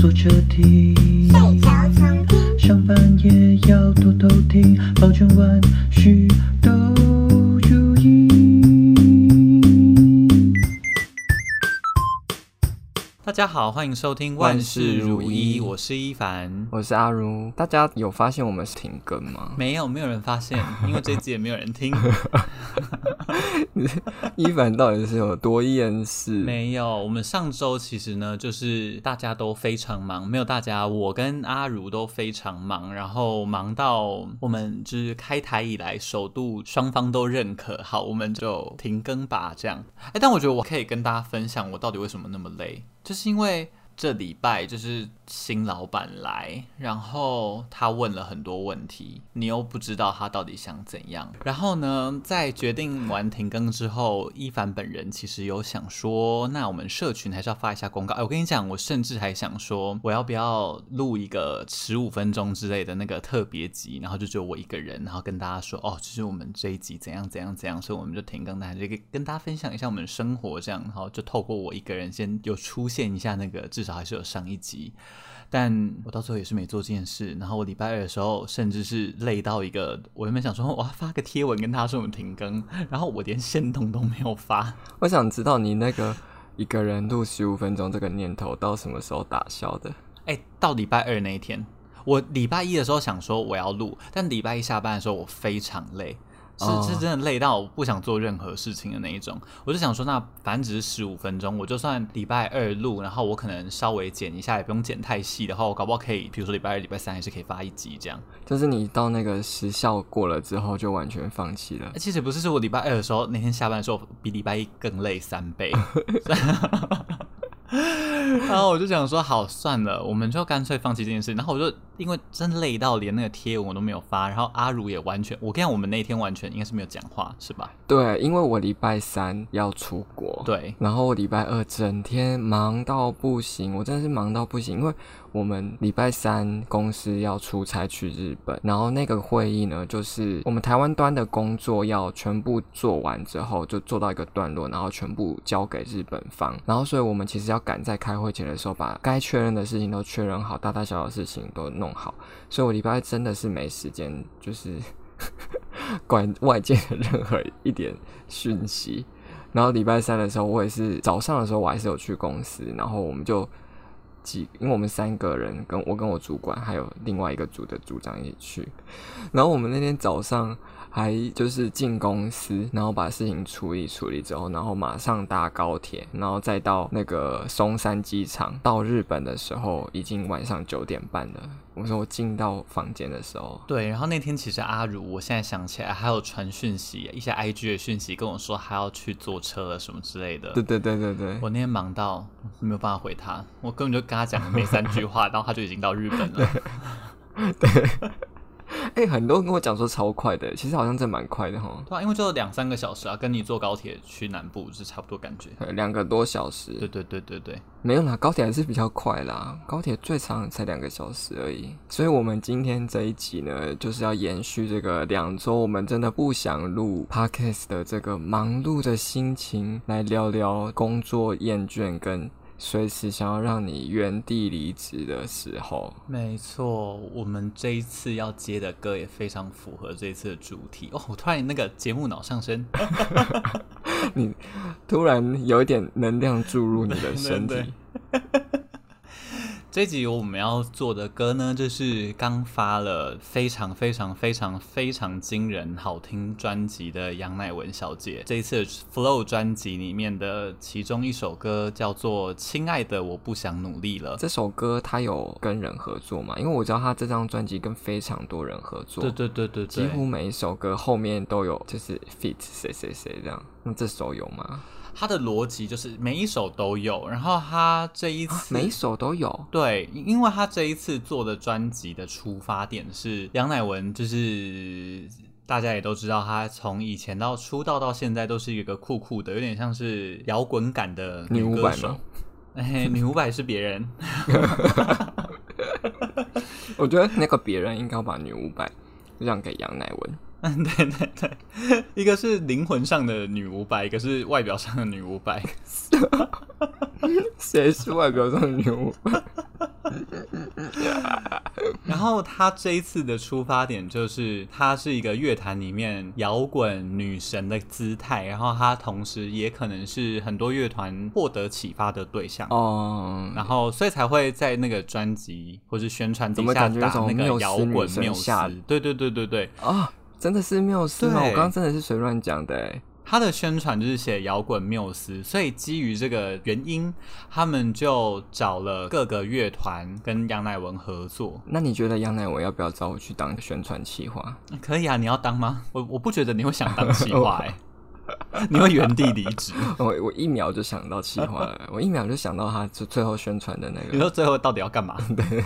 坐車聽，上班也要偷偷聽，保證萬許都。大家好，歡迎收聽萬事如意。我是伊凡，我是阿儒。大家有發現我們停更嗎？沒有，沒有人發現，因為這一集也沒有人聽。伊 凡到底是有多厭世？沒有，我們上周其實呢，就是大家都非常忙，沒有大家，我跟阿儒都非常忙，然後忙到我們就是開台以來首度雙方都認可，好，我們就停更吧。這樣，哎，但我覺得我可以跟大家分享，我到底為什麼那麼累。.就是因為這禮拜就是。新老闆來，然後他問了很多問題，你又不知道他到底想怎樣。然後呢，在決定完停更之後，伊凡本人其實有想說，那我們社群還是要發一下公告。哎，我跟你講，我甚至還想說，我要不要錄一個十五分鐘之類的那個特別集，然後就只有我一個人，然後跟大家說，哦，這、就是我們這一集怎樣怎樣怎樣，所以我們就停更，大家就跟大家分享一下我們的生活，這樣，然後就透過我一個人先有出現一下那個，至少還是有上一集。但我到最後也是沒做這件事。然後我禮拜二的時候，甚至是累到一個，我原本想說哇，發個貼文跟他說我停更，然後我連線通都沒有發。我想知道你那個一個人錄十五分鐘這個念頭到什麼時候打消的？哎、欸，到禮拜二那一天。我禮拜一的時候想說我要錄，但禮拜一下班的時候我非常累。是是，是真的累到我不想做任何事情的那一種。我就想說，那反正只是十五分鐘，我就算禮拜二錄，然後我可能稍微剪一下，也不用剪太細的話，我搞不好可以，比如說禮拜二、禮拜三還是可以發一集這樣。就是你到那個時效過了之後，就完全放棄了。欸，其實不是，是我禮拜二的時候，那天下班的時候比禮拜一更累三倍。 然後我就想說，好算了，我們就乾脆放棄這件事。然後我就因為真累到連那個貼文，我都沒有發。然後阿儒也完全，我跟你講，我們那天完全應該是沒有講話，是吧？對，因為我禮拜三要出國，對，然後我禮拜二整天忙到不行，我真的是忙到不行，因為。我們禮拜三公司要出差去日本，然後那個會議呢，就是我們台灣端的工作要全部做完之後，就做到一個段落，然後全部交給日本方。然後，所以我們其實要趕在開會前的時候，把該確認的事情都確認好，大大小小的事情都弄好。所以我禮拜真的是沒時間，就是管外界的任何一點訊息。然後禮拜三的時候，我也是早上的時候，我還是有去公司，然後我們就。幾，因為我們三個人，跟我跟我主管，還有另外一個組的組長一起去，然後我們那天早上，還就是進公司，然後把事情處理處理之後，然後馬上搭高鐵，然後再到那個松山機場。到日本的時候已經晚上九點半了。我說我進到房間的時候，對。然後那天其實阿如，我現在想起來還有傳訊息，一些 IG 的訊息跟我說他要去坐車了什麼之類的。對對對對對。我那天忙到沒有辦法回他，我根本就跟他講了沒三句話， 然後他就已經到日本了。對。對 哎、欸，很多人跟我講說超快的，其實好像真蠻快的齁。對啊，因為就兩三個小時啊，跟你坐高鐵去南部是差不多感覺。兩個多小時，對對對對對，沒有啦，高鐵還是比較快啦。高鐵最長才兩個小時而已，所以我們今天這一集呢，就是要延續這個兩周我們真的不想錄 Podcast 的這個忙碌的心情，來聊聊工作厭倦跟。隨時想要讓你原地離職的時候，沒錯，我們這一次要接的歌也非常符合這次的主題哦。我突然那個節目腦上升， 你突然有一點能量注入你的身體。 對對對 這集我們要做的歌呢，就是剛發了非常非常非常非常驚人好聽專輯的楊乃文小姐，這一次《Flow》專輯裡面的其中一首歌叫做《親愛的我不想努力了》。這首歌它有跟人合作嗎？因為我知道它這張專輯跟非常多人合作，對對對對，幾乎每一首歌後面都有就是 feat 誰誰誰誰這樣。那這首有嗎？他的邏輯就是每一首都有，然後他這一次、啊、每一首都有，對，因為他這一次做的專輯的出發點是楊乃文，就是大家也都知道，他從以前到出道到，到現在都是一個酷酷的，有點像是搖滾感的女歌手。嘛，哎，女五百、欸、是別人， 我覺得那個別人應該把女五百讓給楊乃文。嗯， 對對對，一個是靈魂上的女五百，一個是外表上的女五百。誰 是外表上的女五百？ 然後她這一次的出發點就是，她是一個樂壇裡面搖滾女神的姿態，然後她同時也可能是很多樂團獲得啟發的對象。哦、嗯，然後所以才會在那個專輯或是宣傳底下打那個搖滾繆斯。對對對對對啊！真的是繆斯嗎對？我剛剛真的是隨亂講的、欸。他的宣傳就是寫搖滾繆斯，所以基於這個原因，他們就找了各個樂團跟楊乃文合作。那你覺得楊乃文要不要找我去當一個宣傳企劃？可以啊，你要當嗎？我我不覺得你會想當企劃、欸。 oh. 你會原地離職？ 我我一秒就想到企劃了，我一秒就想到他最後宣傳的那個。你說最後到底要幹嘛？ 對，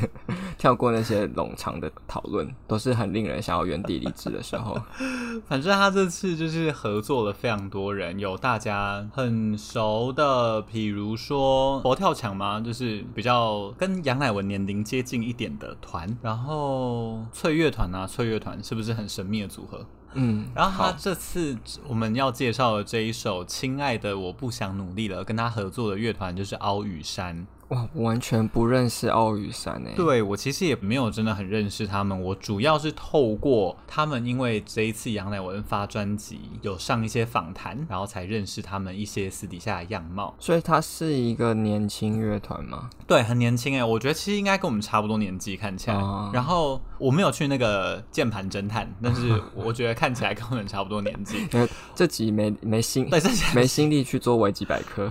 跳過那些冗長的討論，都是很令人想要原地離職的時候。 反正他這次就是合作了非常多人，有大家很熟的，比如說佛跳牆嘛，就是比較跟楊乃文年齡接近一點的團，然後脆樂團啊，脆樂團是不是很神秘的組合？嗯，然後他這次我們要介紹的這一首《親愛的我不想努力了》，跟他合作的樂團就是凹與山。哇，完全不認識凹與山呢？對，我其實也沒有真的很認識他們，我主要是透過他們，因為這一次楊乃文發專輯，有上一些訪談，然後才認識他們一些私底下的樣貌。所以它是一個年輕樂團嗎？對，很年輕哎、欸，我覺得其實應該跟我們差不多年紀看起來、嗯。然後我沒有去那個鍵盤偵探，但是我覺得看起來跟我們差不多年紀、 嗯。這集沒沒心，沒心力去做維基百科。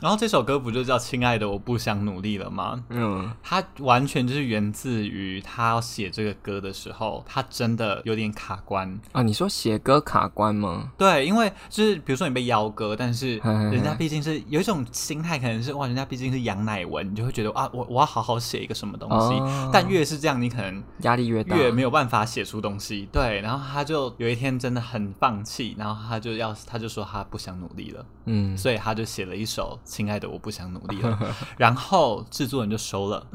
然後這首歌不就叫《親愛的我不想努力了》嗎？嗯，它完全就是源自於他寫這個歌的時候，他真的有點卡關。啊，你說寫歌卡關嗎？對，因為就是比如說你被邀歌，但是人家畢竟是有一種心態，可能是哇，人家畢竟是楊乃文，你就會覺得啊，我我要好好寫一個什麼東西。哦、但越是這樣，你可能壓力越大，越沒有辦法寫出東西。對，然後他就有一天真的很放棄，然後他就要他就說他不想努力了。嗯，所以他就寫了一首。首，親愛的，我不想努力了。 然後制作人就收了，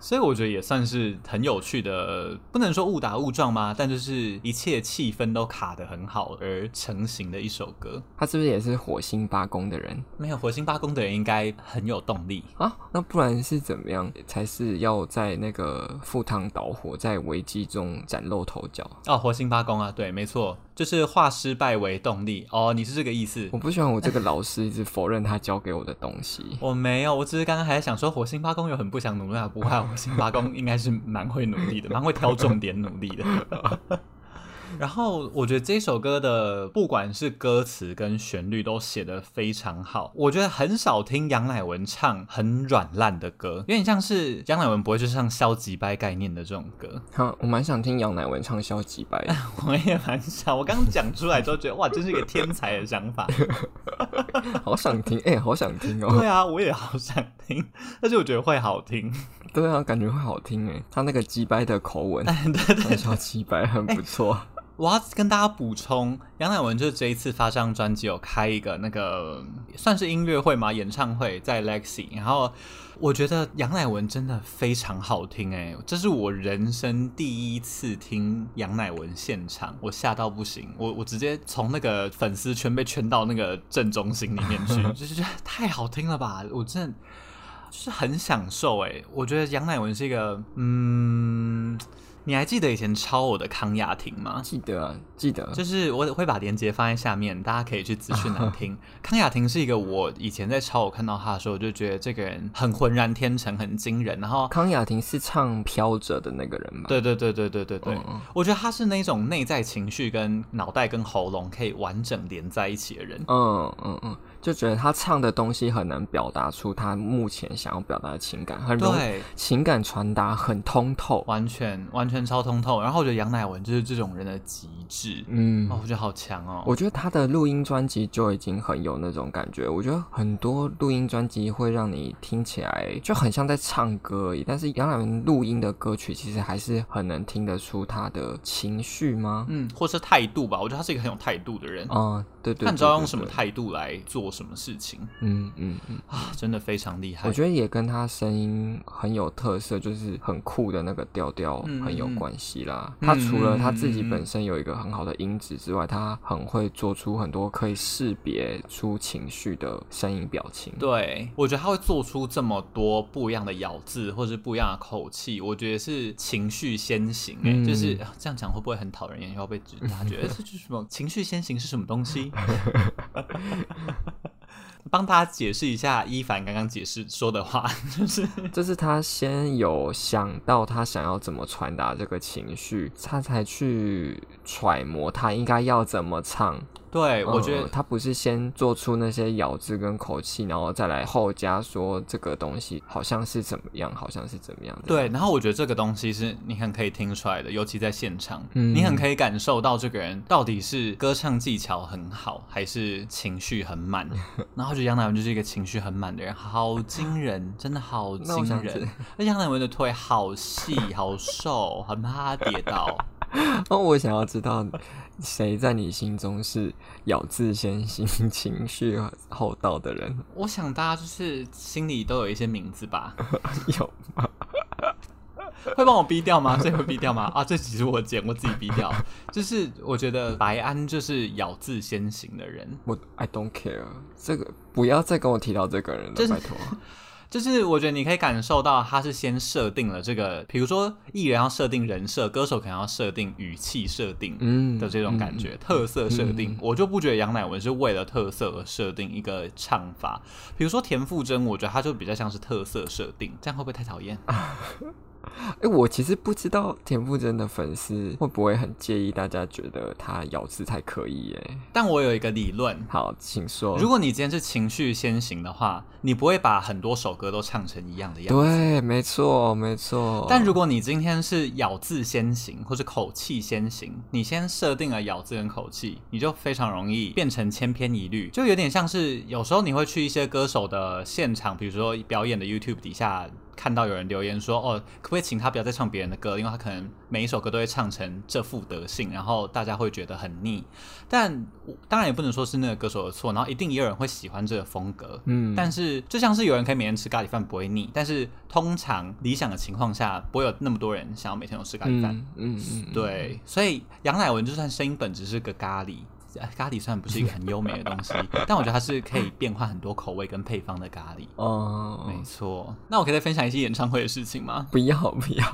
所以我覺得也算是很有趣的，不能說誤打誤撞嘛，但就是一切氣氛都卡得很好而成型的一首歌。他是不是也是火星八宮的人？沒有，火星八宮的人應該很有動力啊。那不然是怎麼樣才是要在那個赴湯蹈火，在危機中嶄露頭角？哦，火星八宮啊，對，沒錯。就是化失敗為動力哦，oh, 你是這個意思？我不喜歡我這個老師一直否認他教給我的東西。 我沒有，我只是剛剛還在想說，火星八公又很不想努力啊，不過火星八公應該是蠻會努力的，蠻會挑重點努力的。 然後我覺得這首歌的不管是歌詞跟旋律都寫得非常好。我覺得很少聽楊乃文唱很軟爛的歌，有點像是楊乃文不會去唱消極掰概念的這種歌。好，我蠻想聽楊乃文唱消極掰，我也蠻想。我剛剛講出來之後覺得哇，真是一個天才的想法， 好想聽，誒、欸、好想聽哦。對啊，我也好想聽，但是我、啊、我，我覺得會好聽。對啊，感覺會好聽誒，他那個積極掰的口吻、啊，對，對，對，很小積極掰很不錯。欸我要跟大家補充，楊乃文就是這一次發這張專輯，有開一個那個算是音樂會嘛，演唱會，在 Lexi。然後我覺得楊乃文真的非常好聽，欸，哎，這是我人生第一次聽楊乃文現場，我嚇到不行，我我直接從那個粉絲圈被圈到那個正中心裡面去， 就是太好聽了吧，我真的就是很享受哎，欸，我覺得楊乃文是一個嗯。你還記得以前抄我的康雅婷嗎？記得、啊，記得、啊，就是我會把連結放在下面，大家可以去資訊來聽。啊、康雅婷是一個我以前在抄，我看到他的時候，我就覺得這個人很渾然天成，很驚人。然後，康雅婷是唱《飄着》的那個人嗎？對,對，對,對,對,對,對,對,對，對，對，對，對，對。我覺得他是那種內在情緒跟腦袋跟喉嚨可以完整連在一起的人。嗯嗯嗯。就覺得他唱的東西很能表達出他目前想要表達的情感，很容，對，情感傳達很通透，完全完全超通透。然後我覺得楊乃文就是這種人的極致，嗯、哦，我覺得好強哦。我覺得他的錄音專輯就已經很有那種感覺。我覺得很多錄音專輯會讓你聽起來就很像在唱歌而已，但是楊乃文錄音的歌曲其實還是很能聽得出他的情緒嗎？嗯，或者是態度吧。我覺得他是一個很有態度的人啊、嗯，對對、對、對、對，你知道用什麼態度來做。什麼事情？嗯嗯嗯啊，真的非常厲害。我覺得也跟他聲音很有特色，就是很酷的那個調調很有關係啦、嗯嗯。他除了他自己本身有一個很好的音質之外，他很會做出很多可以識別出情緒的聲音表情。對，我覺得他會做出這麼多不一樣的咬字，或者是不一樣的口氣，我覺得是情緒先行、欸嗯。就是這樣講會不會很討人厭？ 要被指，他覺得這是什麼？情緒先行是什麼東西？ 幫他解釋一下，伊凡剛剛解釋說的話，就是，就是他先有想到他想要怎麼傳達這個情緒，他才去揣摩他應該要怎麼唱。對，我覺得、嗯、他不是先做出那些咬字跟口氣，然後再來後加說這個東西好像是怎麼樣，好像是怎麼樣這樣。對，然後我覺得這個東西是你很可以聽出來的，尤其在現場，嗯、你很可以感受到這個人到底是歌唱技巧很好，還是情緒很滿。 然後我覺得楊乃文就是一個情緒很滿的人，好驚人，真的好驚人。那而楊乃文的腿好細、好瘦，很怕他跌倒。 哦，我想要知道誰在你心中是咬字先行、情緒後到的人？我想大家就是心裡都有一些名字吧？ 有嗎？會幫我逼掉嗎？這會逼掉嗎？啊，這其實我剪過自己逼掉，就是我覺得白安就是咬字先行的人。我 I don't care，這個不要再跟我提到這個人了，就是、拜託。就是我覺得你可以感受到，他是先設定了這個，比如說藝人要設定人設，歌手可能要設定語氣設定的這種感覺，嗯、特色設定、嗯。我就不覺得楊乃文是為了特色而設定一個唱法，比如說田馥甄，我覺得他就比較像是特色設定，這樣會不會太討厭？ 哎、欸，我其實不知道田馥甄的粉絲會不會很介意大家覺得他咬字太刻意。哎，但我有一個理論，好，請說。如果你今天是情緒先行的話，你不會把很多首歌都唱成一樣的樣子。對，沒錯，沒錯。但如果你今天是咬字先行，或是口氣先行，你先設定了咬字跟口氣，你就非常容易變成千篇一律。就有點像是有時候你會去一些歌手的現場，比如說表演的 YouTube 底下。看到有人留言說：“哦，可不可以請他不要再唱別人的歌？因為他可能每一首歌都會唱成這副德性，然後大家會覺得很膩。但當然也不能說是那個歌手的錯。然後一定也有人會喜歡這個風格。嗯，但是就像是有人可以每天吃咖喱飯不會膩，但是通常理想的情況下不會有那麼多人想要每天都吃咖喱飯。嗯，嗯，嗯，對。所以楊乃文就算聲音本質是個咖喱。”咖喱雖然不是一個很優美的東西， 但我覺得它是可以變換很多口味跟配方的咖喱。哦、嗯，沒錯。那我可以再分享一些演唱會的事情嗎？不要不要，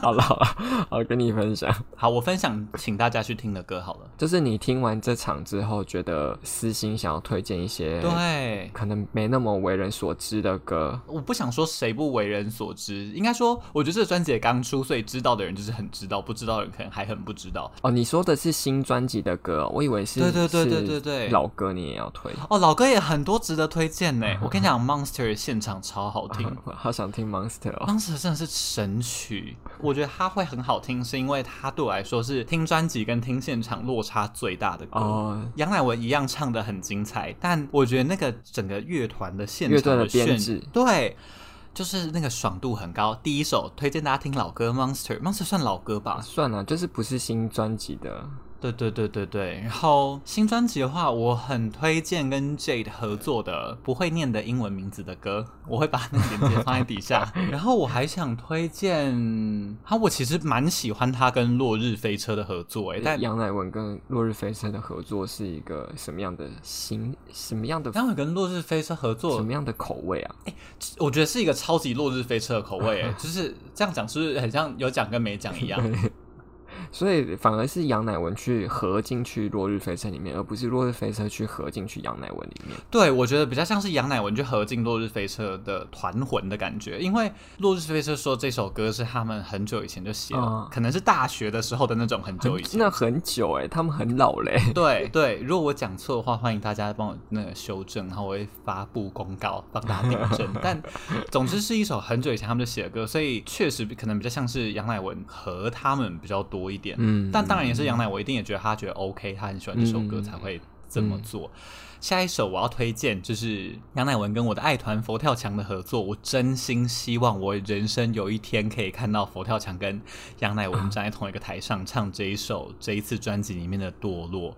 好 了 好了，好了好了，好了，跟你分享。好，我分享請大家去聽的歌好了。就是你聽完這場之後，覺得私心想要推薦一些對可能沒那麼為人所知的歌。我不想說誰不為人所知，應該說我覺得這個專輯也剛出，所以知道的人就是很知道，不知道的人可能還很不知道。哦，你說的是新專輯的歌，我以為。對，對對對對對對，老歌你也要推哦，老歌也很多值得推薦呢、欸嗯。我跟你講，Monster 現場超好聽，嗯、我好想聽 Monster、哦。Monster 真的是神曲，我覺得他會很好聽，是因為他對我來說是聽專輯跟聽現場落差最大的歌。哦、楊乃文一樣唱得很精彩，但我覺得那個整個樂團的現場的編制，對，就是那個爽度很高。第一首推薦大家聽老歌 Monster，Monster Monster 算老歌吧？算了，就是不是新專輯的。對對對對對，然後新專輯的話，我很推薦跟 Jade 合作的不會念的英文名字的歌，我會把那個鏈接放在底下。 然後我還想推薦他、啊，我其實蠻喜歡他跟落日飛車的合作誒。但楊乃文跟落日飛車的合作是一個什麼樣的新什麼樣的？他們跟落日飛車合作什麼樣的口味啊？哎，我覺得是一個超級落日飛車的口味誒。 就是這樣講，是不是很像有講跟沒講一樣？ 所以反而是楊乃文去合進去《落日飛車》裡面，而不是《落日飛車》去合進去楊乃文裡面。對，我覺得比較像是楊乃文去合進《落日飛車》的團魂的感覺，因為《落日飛車》說這首歌是他們很久以前就寫了，嗯，可能是大學的時候的那種很久以前，很那很久哎，欸，他們很老嘞，欸。對對，如果我講錯的話，歡迎大家幫我那個修正，然後我會發布公告幫大家訂正。 但總之是一首很久以前他們就寫的歌，所以確實可能比較像是楊乃文和他們比較多。一點，嗯，但當然也是楊乃文一定也覺得他覺得 OK，他很喜歡這首歌才會這麼做。嗯嗯、下一首我要推薦就是楊乃文跟我的愛團佛跳牆的合作，我真心希望我人生有一天可以看到佛跳牆跟楊乃文站在同一個台上唱這一首、啊、這一次專輯裡面的《墮落》，我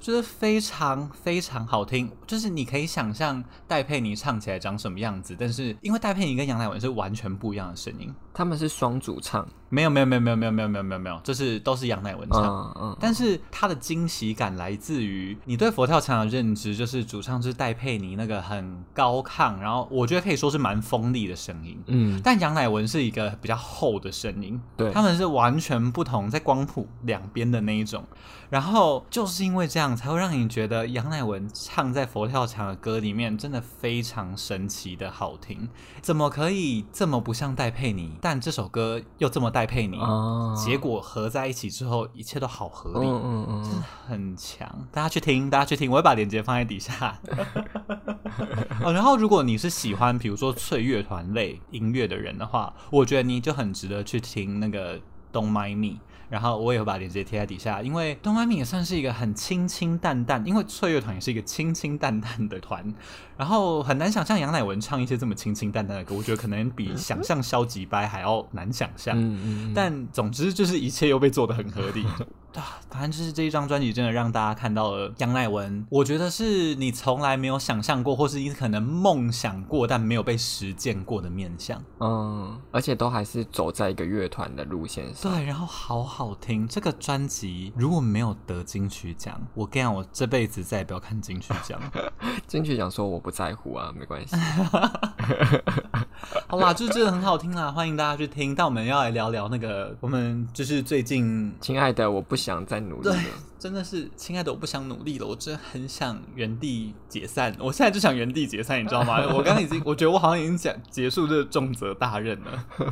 覺得非常非常好聽，就是你可以想象戴佩妮唱起來長什麼樣子，但是因為戴佩妮跟楊乃文是完全不一樣的聲音，他們是雙主唱。沒有沒有沒有沒有沒有沒有沒有沒有，這是都是楊乃文唱。嗯、uh, uh, uh, 但是他的驚喜感來自於你對佛跳牆的認知，就是主唱是戴佩妮那個很高亢，然後我覺得可以說是蠻鋒利的聲音。嗯。但楊乃文是一個比較厚的聲音。對。他們是完全不同，在光譜兩邊的那一種。然後就是因為這樣，才會讓你覺得楊乃文唱在佛跳牆的歌裡面真的非常神奇的好聽，怎麼可以這麼不像戴佩妮，但這首歌又這麼帶。配你，oh. 結果合在一起之後，一切都好合理，oh. Oh. Oh. 真的很強。大家去聽，大家去聽，我會把鏈接放在底下。 哦、然後，如果你是喜歡比如說脆樂團類音樂的人的話，我覺得你就很值得去聽那個《Don't Mind Me》。然後我也有把鏈接貼在底下，因為《Don't Mind Me》也算是一個很清清淡淡，因為《脆樂團》也是一個清清淡淡的團，然後很難想象楊乃文唱一些這麼清清淡淡的歌，我覺得可能比想象消極掰還要難想象，嗯嗯嗯但總之就是一切又被做得很合理。 對，反正就是這一張專輯，真的讓大家看到了楊乃文，我覺得是你從來沒有想象過，或是你可能夢想過但沒有被實踐過的面向。嗯，而且都還是走在一個樂團的路線上。對，然後好好聽這個專輯，如果沒有得金曲獎，我跟你講我這輩子再也不要看金曲獎。 金曲獎說我不在乎啊，沒關係。 好啦，就真的很好聽啦，歡迎大家去聽。那我們要來聊聊那個，我們就是最近，親愛的，我不想。想再努力了？對，真的是，親愛的，我不想努力了，我真的很想原地解散。我現在就想原地解散，你知道嗎？ 我剛剛已經，我覺得我好像已經講結束這個重責大任了。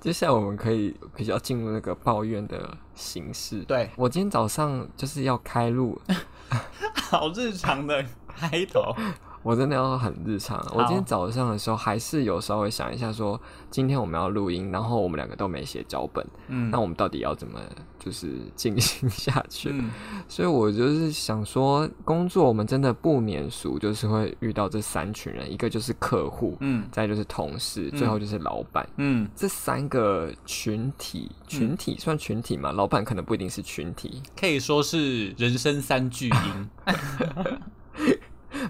接下來我們可以比較進入那個抱怨的形式。對，我今天早上就是要開錄， 好日常的開頭。 我真的要很日常，啊。我今天早上的時候還是有稍微想一下說，說今天我們要錄音，然後我們兩個都沒寫腳本，嗯，那我們到底要怎麼就是進行下去，嗯？所以我就是想說，工作我們真的不免俗，就是會遇到這三群人：一個就是客戶，嗯，再就是同事，最後就是老闆，嗯，這三個群體，群體算群體嘛，嗯，老闆可能不一定是群體，可以說是人生三巨嬰，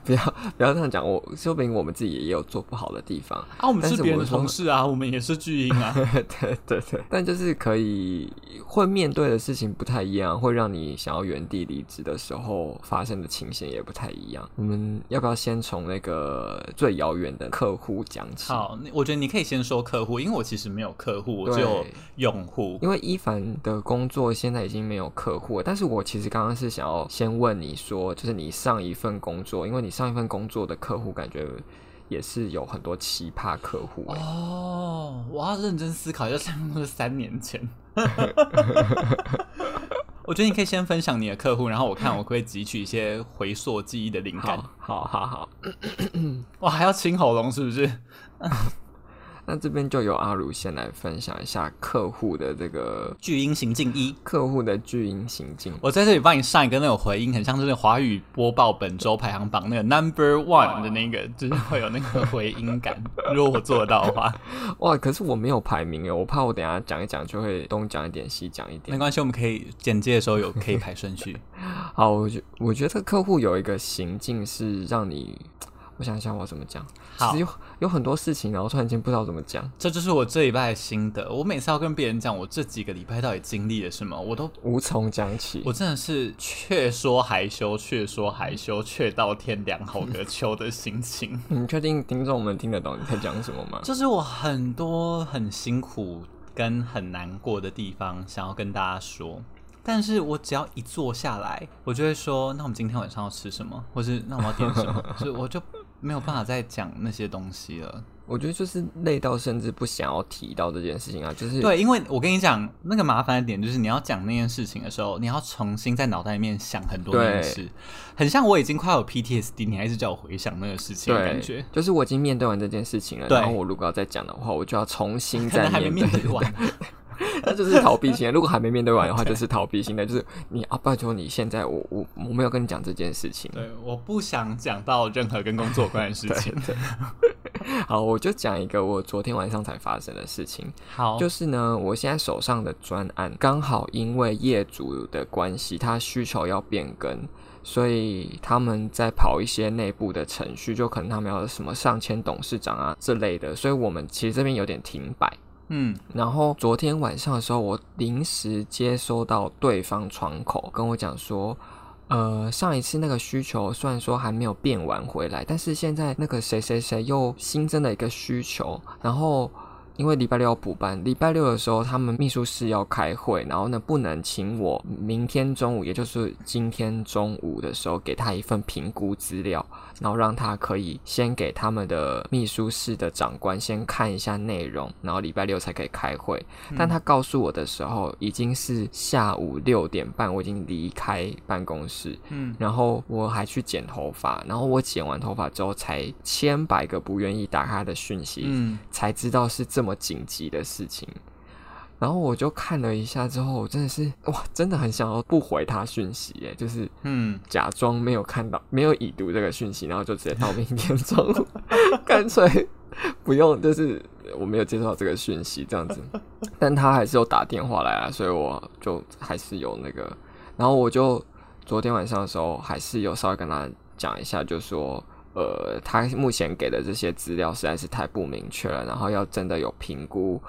不要。不要這樣講，我說不定我們自己也，也有做不好的地方啊，啊。我們是別人的同事啊，我們也是巨嬰啊。 對對對，但就是可以會面對的事情不太一樣，會讓你想要原地離職的時候發生的情形也不太一樣。我們要不要先從那個最遙遠的客戶講起？好，我覺得你可以先說客戶，因為我其實沒有客戶，我只有用戶。因為伊凡的工作現在已經沒有客戶了，但是我其實剛剛是想要先問你說，就是你上一份工作，因為你上一份工作工作的客戶感覺也是有很多奇葩客戶哦，我要認真思考一下，那、就是三年前。 我覺得你可以先分享你的客戶，然後我看我可不可以汲取一些回溯記憶的靈感。好好好，好，好咳咳，哇，還要清喉嚨是不是？ 那這邊就由阿儒先來分享一下客戶的這個巨嬰行徑，一客戶的巨嬰行徑。我在這裡幫你上一個那種回音，很像就是華語播報本週排行榜那個 number one 的那個，就是會有那個回音感， 如果我做得到的話，哇！可是我沒有排名哦。我怕我等一下講一講就會東講一點西講一點，沒關係，我們可以剪接的時候有可以排順序。 好，我覺我覺得客戶有一個行徑是讓你。我想想我要怎麼講，有好有很多事情，然後突然間不知道怎麼講。這就是我這禮拜的心得。我每次要跟別人講我這幾個禮拜到底經歷了什麼，我都無從講起。我真的是卻說害羞，卻說害羞，卻到天涼好個秋的心情。 你確定聽眾們聽得懂你在講什麼嗎？就是我很多很辛苦跟很難過的地方想要跟大家說，但是我只要一坐下來，我就會說：“那我們今天晚上要吃什麼？或是那我要點什麼？” 所以我就。沒有辦法再講那些東西了。我覺得就是累到甚至不想要提到這件事情啊。就是對，因為我跟你講那個麻煩的點，就是你要講那件事情的時候，你要重新在腦袋裡面想很多東西，很像我已經快有 PTSD，你還是叫我回想那個事情的感覺。就是我已經面對完這件事情了，然後我如果要再講的話，我就要重新再面對，還沒面對完啊。 那就是逃避性。如果還沒面對完的話，就是逃避性的。就是你啊，拜託你，現在我我我沒有跟你講這件事情。對，我不想講到任何跟工作有關的事情。 好，我就講一個我昨天晚上才發生的事情。好，就是呢，我現在手上的專案剛好因為業主的關係，他需求要變更，所以他們在跑一些內部的程序，就可能他們要什麼上簽董事長啊之類的，所以我們其實這邊有點停擺。嗯，然後昨天晚上的時候，我臨時接收到對方窗口跟我講說，呃，上一次那個需求雖然說還沒有變完回來，但是現在那個誰誰誰又新增了一個需求，然後因為禮拜六要補班，禮拜六的時候他們秘書室要開會，然後呢能不能請我明天中午，也就是今天中午的時候給他一份評估資料。然後讓他可以先給他們的秘書室的長官先看一下內容，然後禮拜六才可以開會。但他告訴我的時候，嗯，已經是下午六點半，我已經離開辦公室。嗯，然後我還去剪頭髮，然後我剪完頭髮之後才千百個不願意打開的訊息，嗯，才知道是這麼緊急的事情。然後我就看了一下，之後我真的是哇，真的很想要不回他訊息耶，就是嗯，假裝沒有看到，沒有已讀這個訊息，然後就直接到明天中午， 乾脆不用，就是我沒有接受到這個訊息這樣子。但他還是有打電話來啊，所以我就還是有那個。然後我就昨天晚上的時候還是有稍微跟他講一下，就說呃，他目前給的這些資料實在是太不明確了，然後要真的有評估。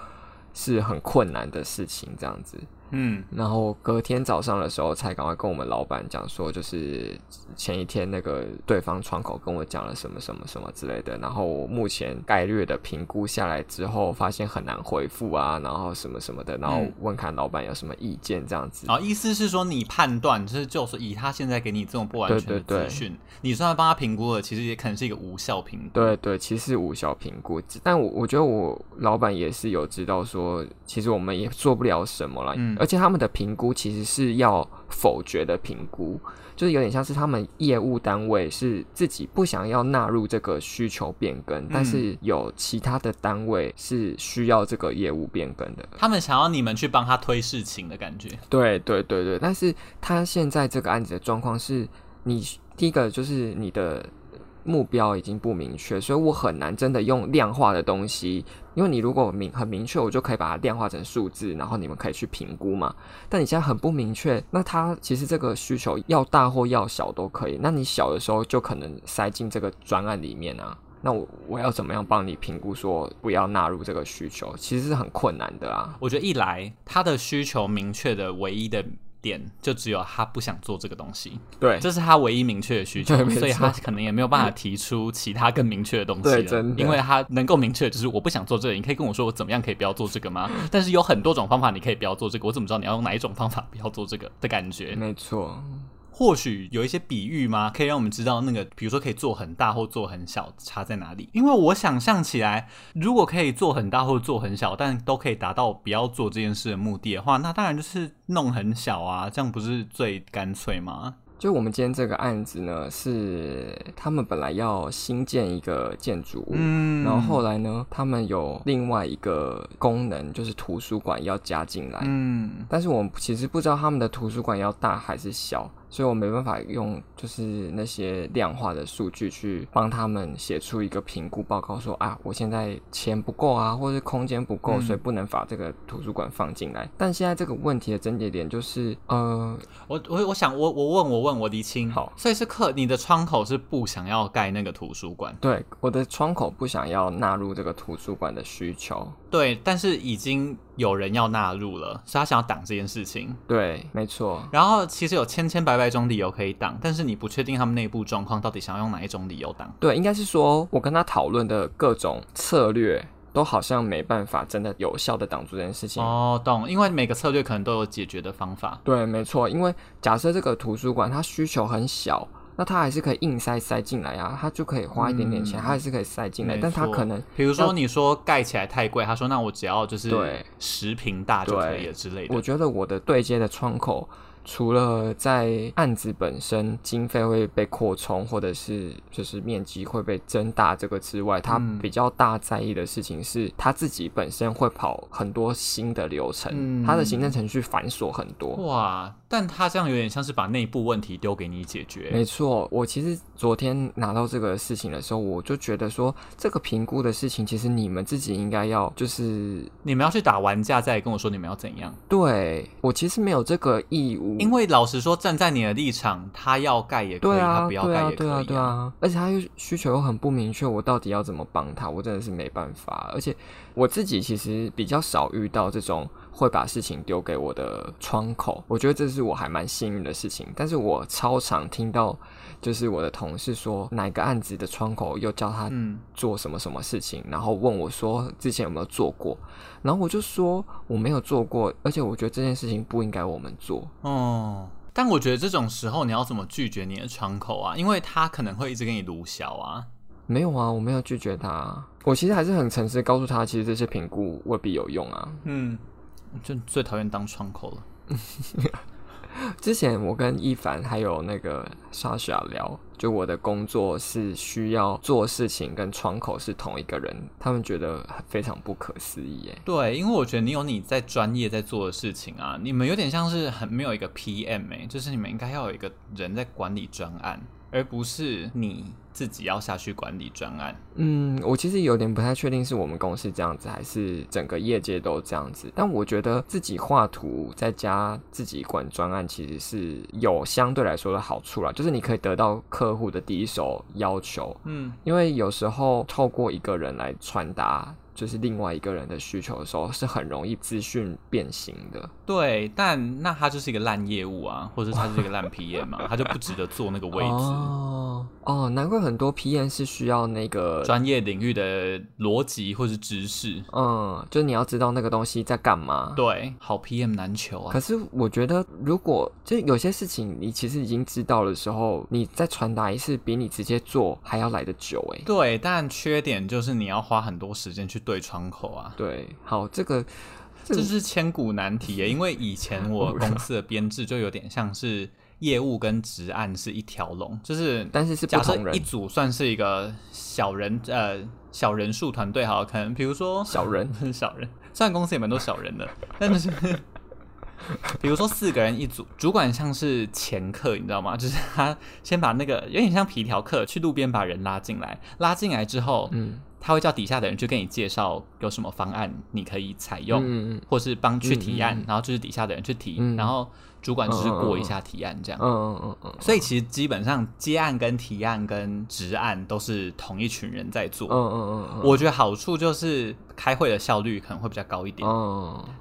是很困難的事情，這樣子。嗯，然後隔天早上的時候才趕快跟我們老板講說，就是前一天那個對方窗口跟我講了什麼什麼什麼之類的，然後我目前概略的評估下來之後，發現很難回覆啊，然後什麼什麼的，然後問看老板有什麼意見這樣子。啊、嗯哦，意思是說你判斷就是就是以他現在給你這種不完全的資訊，對對對你算他幫他評估了，其實也可能是一個無效評估。對對，其實是無效評估，但我，我覺得我老板也是有知道說，其實我們也做不了什麼了。嗯而且他們的評估其實是要否決的評估，就是有點像是他們業務單位是自己不想要納入這個需求變更，嗯，但是有其他的單位是需要這個業務變更的。他們想要你們去幫他推事情的感覺。對對對對，但是他現在這個案子的狀況是，你第一個就是你的。目標已經不明確，所以我很難真的用量化的東西。因為你如果明很明確，我就可以把它量化成數字，然後你們可以去評估嘛。但你現在很不明確，那它其實這個需求要大或要小都可以。那你小的時候就可能塞進這個專案裡面啊。那我我要怎麼樣幫你評估說不要納入這個需求，其實是很困難的啊。我覺得一來，它的需求明確的唯一的點就只有他不想做這個東西，對，這是他唯一明確的需求，所以他可能也沒有辦法提出其他更明確的東西了，對，真的。因為他能夠明確就是我不想做這個，你可以跟我說我怎麼樣可以不要做這個嗎？但是有很多種方法你可以不要做這個，我怎麼知道你要用哪一種方法不要做這個的感覺？沒錯。或許有一些比喻嗎？可以讓我們知道那個，比如說可以做很大或做很小，差在哪裡？因為我想象起來，如果可以做很大或做很小，但都可以達到不要做這件事的目的的話，那當然就是弄很小啊，這樣不是最乾脆嗎？就我們今天這個案子呢，是他們本來要新建一個建築物，嗯，然後後來呢，他們有另外一個功能，就是圖書館要加進來，嗯，但是我們其實不知道他們的圖書館要大還是小。所以，我沒辦法用就是那些量化的數據去幫他們寫出一個評估報告說，說啊，我現在錢不夠啊，或是空間不夠，所以不能把這個圖書館放進來，嗯。但現在這個問題的症結點就是，呃，我我我想我我問我問我釐清，好，所以是客，你的窗口是不想要蓋那個圖書館？對，我的窗口不想要納入這個圖書館的需求。對，但是已經有人要納入了，所以他想要擋這件事情。對，沒錯。然後其實有千千百百種理由可以擋，但是你不確定他們內部狀況到底想要用哪一種理由擋。對，應該是說我跟他討論的各種策略都好像沒辦法真的有效地擋住這件事情。哦，懂，因為每個策略可能都有解決的方法。對，沒錯，因為假設這個圖書館它需求很小。那他還是可以硬塞塞進來啊，他就可以花一點點錢，他、嗯、還是可以塞進來，但他可能，比如說你說蓋起來太貴，他說那我只要就是十平大就可以了之類的。我覺得我的對接的窗口。除了在案子本身經費會被擴充，或者是就是面積會被增大這個之外，他比較大在意的事情是他自己本身會跑很多新的流程，嗯，他的行政程序繁瑣很多。哇！但他這樣有點像是把內部問題丟給你解決。沒錯，我其實昨天拿到這個事情的時候，我就覺得說這個評估的事情，其實你們自己應該要就是你們要去打完架再跟我說你們要怎樣。對，我其實沒有這個義務。因為老實說，站在你的立場，他要蓋也可以，啊、他不要蓋也可以、啊對啊對啊對啊，對啊。而且他需求又很不明確，我到底要怎麼幫他？我真的是沒辦法。而且我自己其實比較少遇到這種會把事情丟給我的窗口，我覺得這是我還蠻幸運的事情。但是我超常聽到。就是我的同事說哪個案子的窗口又叫他做什麼什麼事情，嗯，然後問我說之前有沒有做過，然後我就說我沒有做過，而且我覺得這件事情不應該我們做。哦，但我覺得這種時候你要怎麼拒絕你的窗口啊？因為他可能會一直給你盧小啊。沒有啊，我沒有拒絕他啊，我其實還是很誠實告訴他，其實這些評估未必有用啊。嗯，我就最討厭當窗口了。 之前我跟伊凡還有那個莎莎聊，就我的工作是需要做事情跟窗口是同一個人，他們覺得非常不可思議耶。對，因為我覺得你有你在專業在做的事情啊，你們有點像是很沒有一個 PM 哎、欸，就是你們應該要有一個人在管理專案。而不是你自己要下去管理專案。嗯，我其實有點不太確定是我們公司這樣子，還是整個業界都這樣子。但我覺得自己畫圖，在家自己管專案，其實是有相對來說的好處啦，就是你可以得到客戶的第一手要求。嗯，因為有時候透過一個人來傳達。就是另外一個人的需求的時候，是很容易資訊變形的。對，但那他就是一個爛業務啊，或者他是一個爛 PM 啊，他就不值得坐那個位置。哦哦，難怪很多 PM 是需要那個專業領域的邏輯或是知識。嗯，就是你要知道那個東西在幹嘛。對，好 PM 難求啊。可是我覺得，如果就有些事情你其實已經知道的時候，你再傳達一次，比你直接做還要來得久誒。對，但缺點就是你要花很多時間去。對窗口啊，對，好，這個這是千古難題耶。因為以前我公司的編制就有點像是業務跟職案是一條龍，就是但是是不同人假設一組算是一個小人呃小人數團隊哈，可能比如說小人很小人，雖然公司也蠻多小人的，但是呵呵比如說四個人一組，主管像是前客，你知道嗎？就是他先把那個有點像皮條客去路邊把人拉進來，拉進來之後，嗯。他會叫底下的人去跟你介紹有什麼方案，你可以採用，嗯，或是幫去提案，嗯，然後就是底下的人去提，嗯，然後。主管只是過一下提案這樣，嗯嗯嗯，所以其實基本上接案跟提案跟執案都是同一群人在做，嗯嗯嗯，我覺得好處就是開會的效率可能會比較高一點，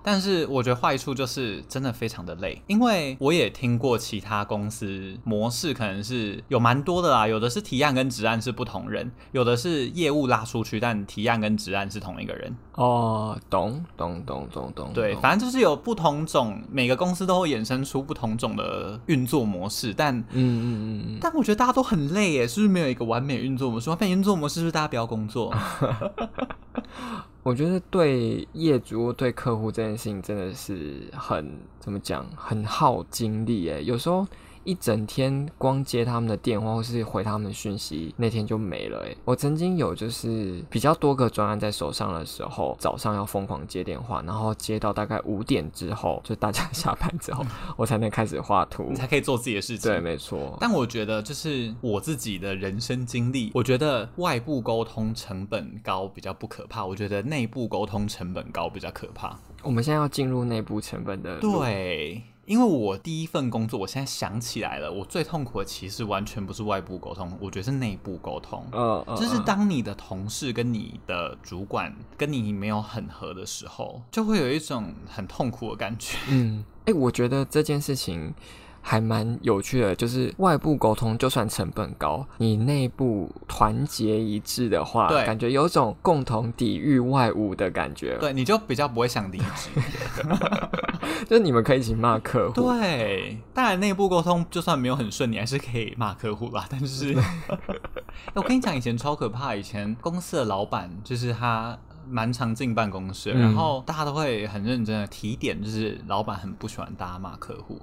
但是我覺得壞處就是真的非常的累，因為我也聽過其他公司模式可能是有蠻多的啦，有的是提案跟執案是不同人，有的是業務拉出去，但提案跟執案是同一個人。哦，懂懂懂懂懂，對懂，反正就是有不同種，每個公司都會衍生出不同種的運作模式，但嗯嗯嗯，但我覺得大家都很累，耶，是不是沒有一個完美運作模式？完美運作模式是不是大家不要工作？ 我覺得對業主、對客戶這件事情真的是很怎麼講，很耗精力，哎，有時候。一整天光接他們的電話或是回他們的訊息，那天就沒了、欸。誒，我曾經有就是比較多個專案在手上的時候，早上要瘋狂接電話，然後接到大概五點之後，就大家下班之後， 我才能開始畫圖，你才可以做自己的事情。對，沒錯。但我覺得就是我自己的人生經歷，我覺得外部溝通成本高比較不可怕，我覺得內部溝通成本高比較可怕。我們現在要進入內部成本的對。因為我第一份工作，我現在想起來了，我最痛苦的其實完全不是外部溝通，我覺得是內部溝通。Uh, uh, uh. 就是當你的同事跟你的主管跟你沒有很合的時候，就會有一種很痛苦的感覺。嗯，哎、欸，我覺得這件事情。還蠻有趣的，就是外部溝通就算成本高，你內部團結一致的話，感覺有種共同抵禦外侮的感覺。對，你就比較不會想離職。 就你們可以一起罵客戶。對，當然內部溝通就算沒有很順，你還是可以罵客戶吧。但是， 我跟你講，以前超可怕。以前公司的老闆就是他蠻常進辦公室，嗯，然後大家都會很認真的提點，就是老闆很不喜歡大家罵客戶。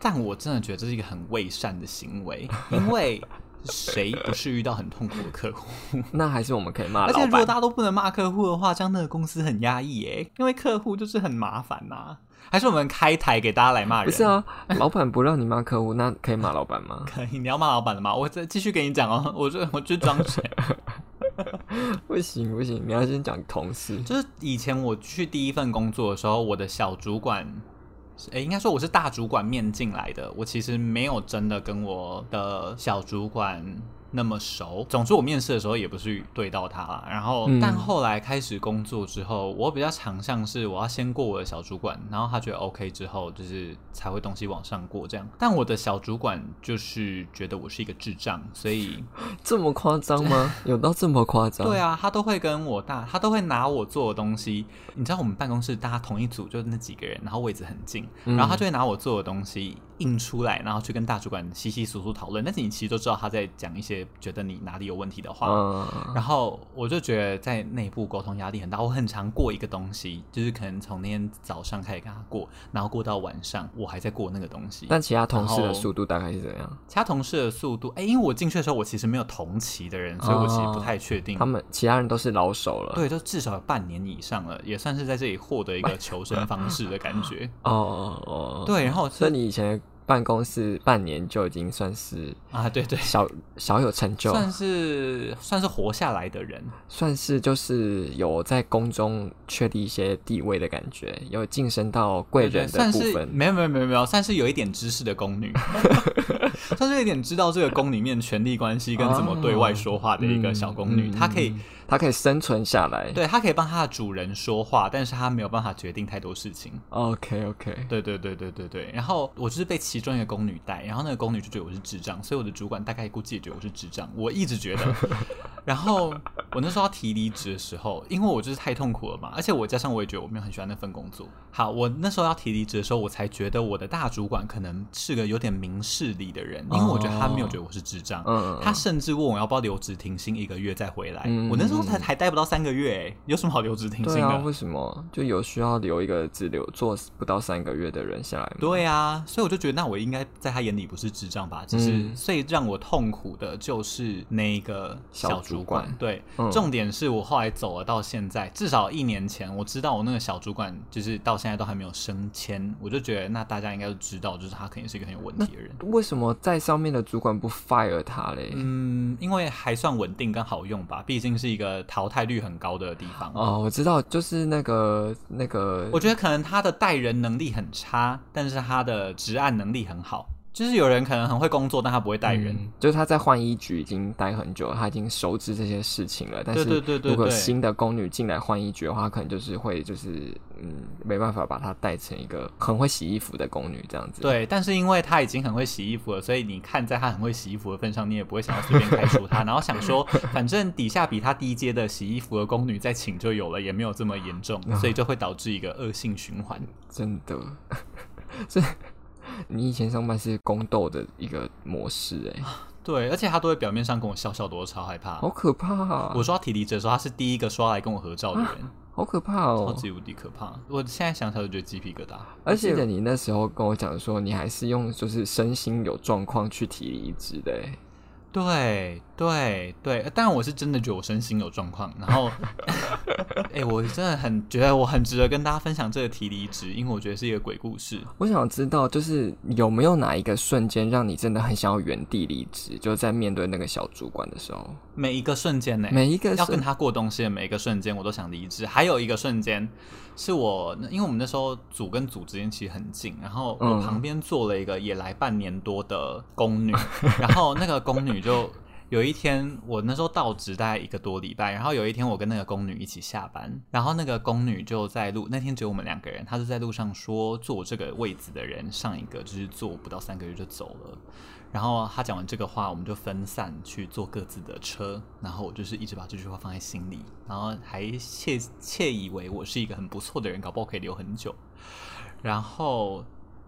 但我真的覺得這是一個很偽善的行為，因為誰不是遇到很痛苦的客戶？ 那還是我們可以罵老闆。而且如果大家都不能罵客戶的話，這樣那個公司很壓抑耶。因為客戶就是很麻煩吶、啊，還是我們開台給大家來罵人？不是啊，老闆不讓你罵客戶，那可以罵老闆嗎？ 可以，你要罵老闆的嗎。我再繼續給你講哦，我這我這裝水。 不行不行，你要先講同事。就是以前我去第一份工作的時候，我的小主管。哎、欸，應該說我是大主管面進來的，我其實沒有真的跟我的小主管，那麼熟，總之我面試的時候也不是對到他了。然後、嗯，但後來開始工作之後，我比較常像是我要先過我的小主管，然後他覺得 OK 之後，就是才會東西往上過這樣。但我的小主管就是覺得我是一個智障，所以這麼誇張嗎？ 有到這麼誇張？對啊，他都會跟我大，他都會拿我做的東西。你知道我們辦公室大家同一組就那幾個人，然後位置很近，嗯、然後他就會拿我做的東西。印出來，然後去跟大主管稀稀疏疏討論，但是你其實都知道他在講一些覺得你哪裡有問題的話、嗯。然後我就覺得在內部溝通壓力很大。我很常過一個東西，就是可能從那天早上開始跟他過，然後過到晚上，我還在過那個東西。但其他同事的速度大概是怎樣？其他同事的速度，哎、欸，因為我進去的時候，我其實沒有同期的人，所以我其實不太確定、哦。他們其他人都是老手了，對，都至少有半年以上了，也算是在這裡獲得一個求生方式的感覺。哦哦哦，對，然後所以你以前。辦公室半年就已經算是啊，對對，小小有成就，算是算是活下來的人，算是就是有在宮中確立一些地位的感覺，有晉升到貴人的部分，沒有沒有沒有沒有，算是有一點知識的宮女， 算是有一點知道這個宮裡面權力關係跟怎麼對外說話的一個小宮女，嗯、她可以。嗯它可以生存下來，對，它可以幫它的主人說話，但是它沒有辦法決定太多事情。OK OK，對對對對對對。然後我就是被其中一個宮女帶，然後那個宮女就覺得我是智障，所以我的主管大概估計也覺得我是智障。我一直覺得， 然後我那時候要提離職的時候，因為我就是太痛苦了嘛，而且我加上我也覺得我沒有很喜歡那份工作。好，我那時候要提離職的時候，我才覺得我的大主管可能是個有點明事理的人，因為我覺得他沒有覺得我是智障，oh, uh, uh, uh. 他甚至問我要不要留職停薪一個月再回來。我那時候。還待不到三個月哎、欸，有什麼好留職停薪的？對啊，為什麼就有需要留一個只留做不到三個月的人下來？對啊，所以我就覺得，那我應該在他眼裡不是智障吧？其實，最、嗯、讓我痛苦的就是那一個小主管。主管對、嗯，重點是我後來走了到現在，至少一年前我知道我那個小主管就是到現在都還沒有升遷，我就覺得那大家應該都知道，就是他肯定是一個很有問題的人。為什麼在上面的主管不 fire 他嘞？嗯，因為還算穩定跟好用吧，畢竟是一個。呃，淘汰率很高的地方哦。我知道，就是那個那個，我覺得可能他的帶人能力很差，但是他的執案能力很好。就是有人可能很會工作，但他不會帶人。嗯、就是他在浣衣局已經待很久了，他已經熟知這些事情了。但是，如果新的宮女進來浣衣局的話，可能就是會就是嗯，沒辦法把她帶成一個很會洗衣服的宮女這樣子。對，但是因為她已經很會洗衣服了，所以你看在她很會洗衣服的份上，你也不會想要隨便開除她。 然後想說，反正底下比她低階的洗衣服的宮女再請就有了，也沒有這麼嚴重，所以就會導致一個惡性循環，啊。真的，這。 你以前上班是宮鬥的一個模式哎、欸？對，而且他都會表面上跟我笑笑的，我都超害怕，好可怕、啊！我說他提離職的時候，他是第一個刷來跟我合照的人、啊，好可怕哦，超級無敵可怕！我現在想想都覺得雞皮疙瘩而。而且你那時候跟我講說，你還是用就是身心有狀況去提離職的、欸。對對對，但我是真的覺得我身心有狀況，然後，哎、 欸，我真的很覺得我很值得跟大家分享這個提離職，因為我覺得是一個鬼故事。我想知道，就是有沒有哪一個瞬間讓你真的很想要原地離職，就在面對那個小主管的時候？每一個瞬間呢、欸？每一個瞬要跟他過東西的每一個瞬間，我都想離職。還有一個瞬間。是我，因為我們那時候組跟組之間其實很近，然後我旁邊坐了一個也來半年多的宮女，然後那個宮女就有一天，我那時候到職大概一個多禮拜，然後有一天我跟那個宮女一起下班，然後那個宮女就在路，那天只有我們兩個人，她就在路上說坐這個位子的人上一個就是坐不到三個月就走了。然後他講完這個話，我們就分散去坐各自的車。然後我就是一直把這句話放在心裡，然後還竊竊以為我是一個很不錯的人，搞不好可以留很久。然後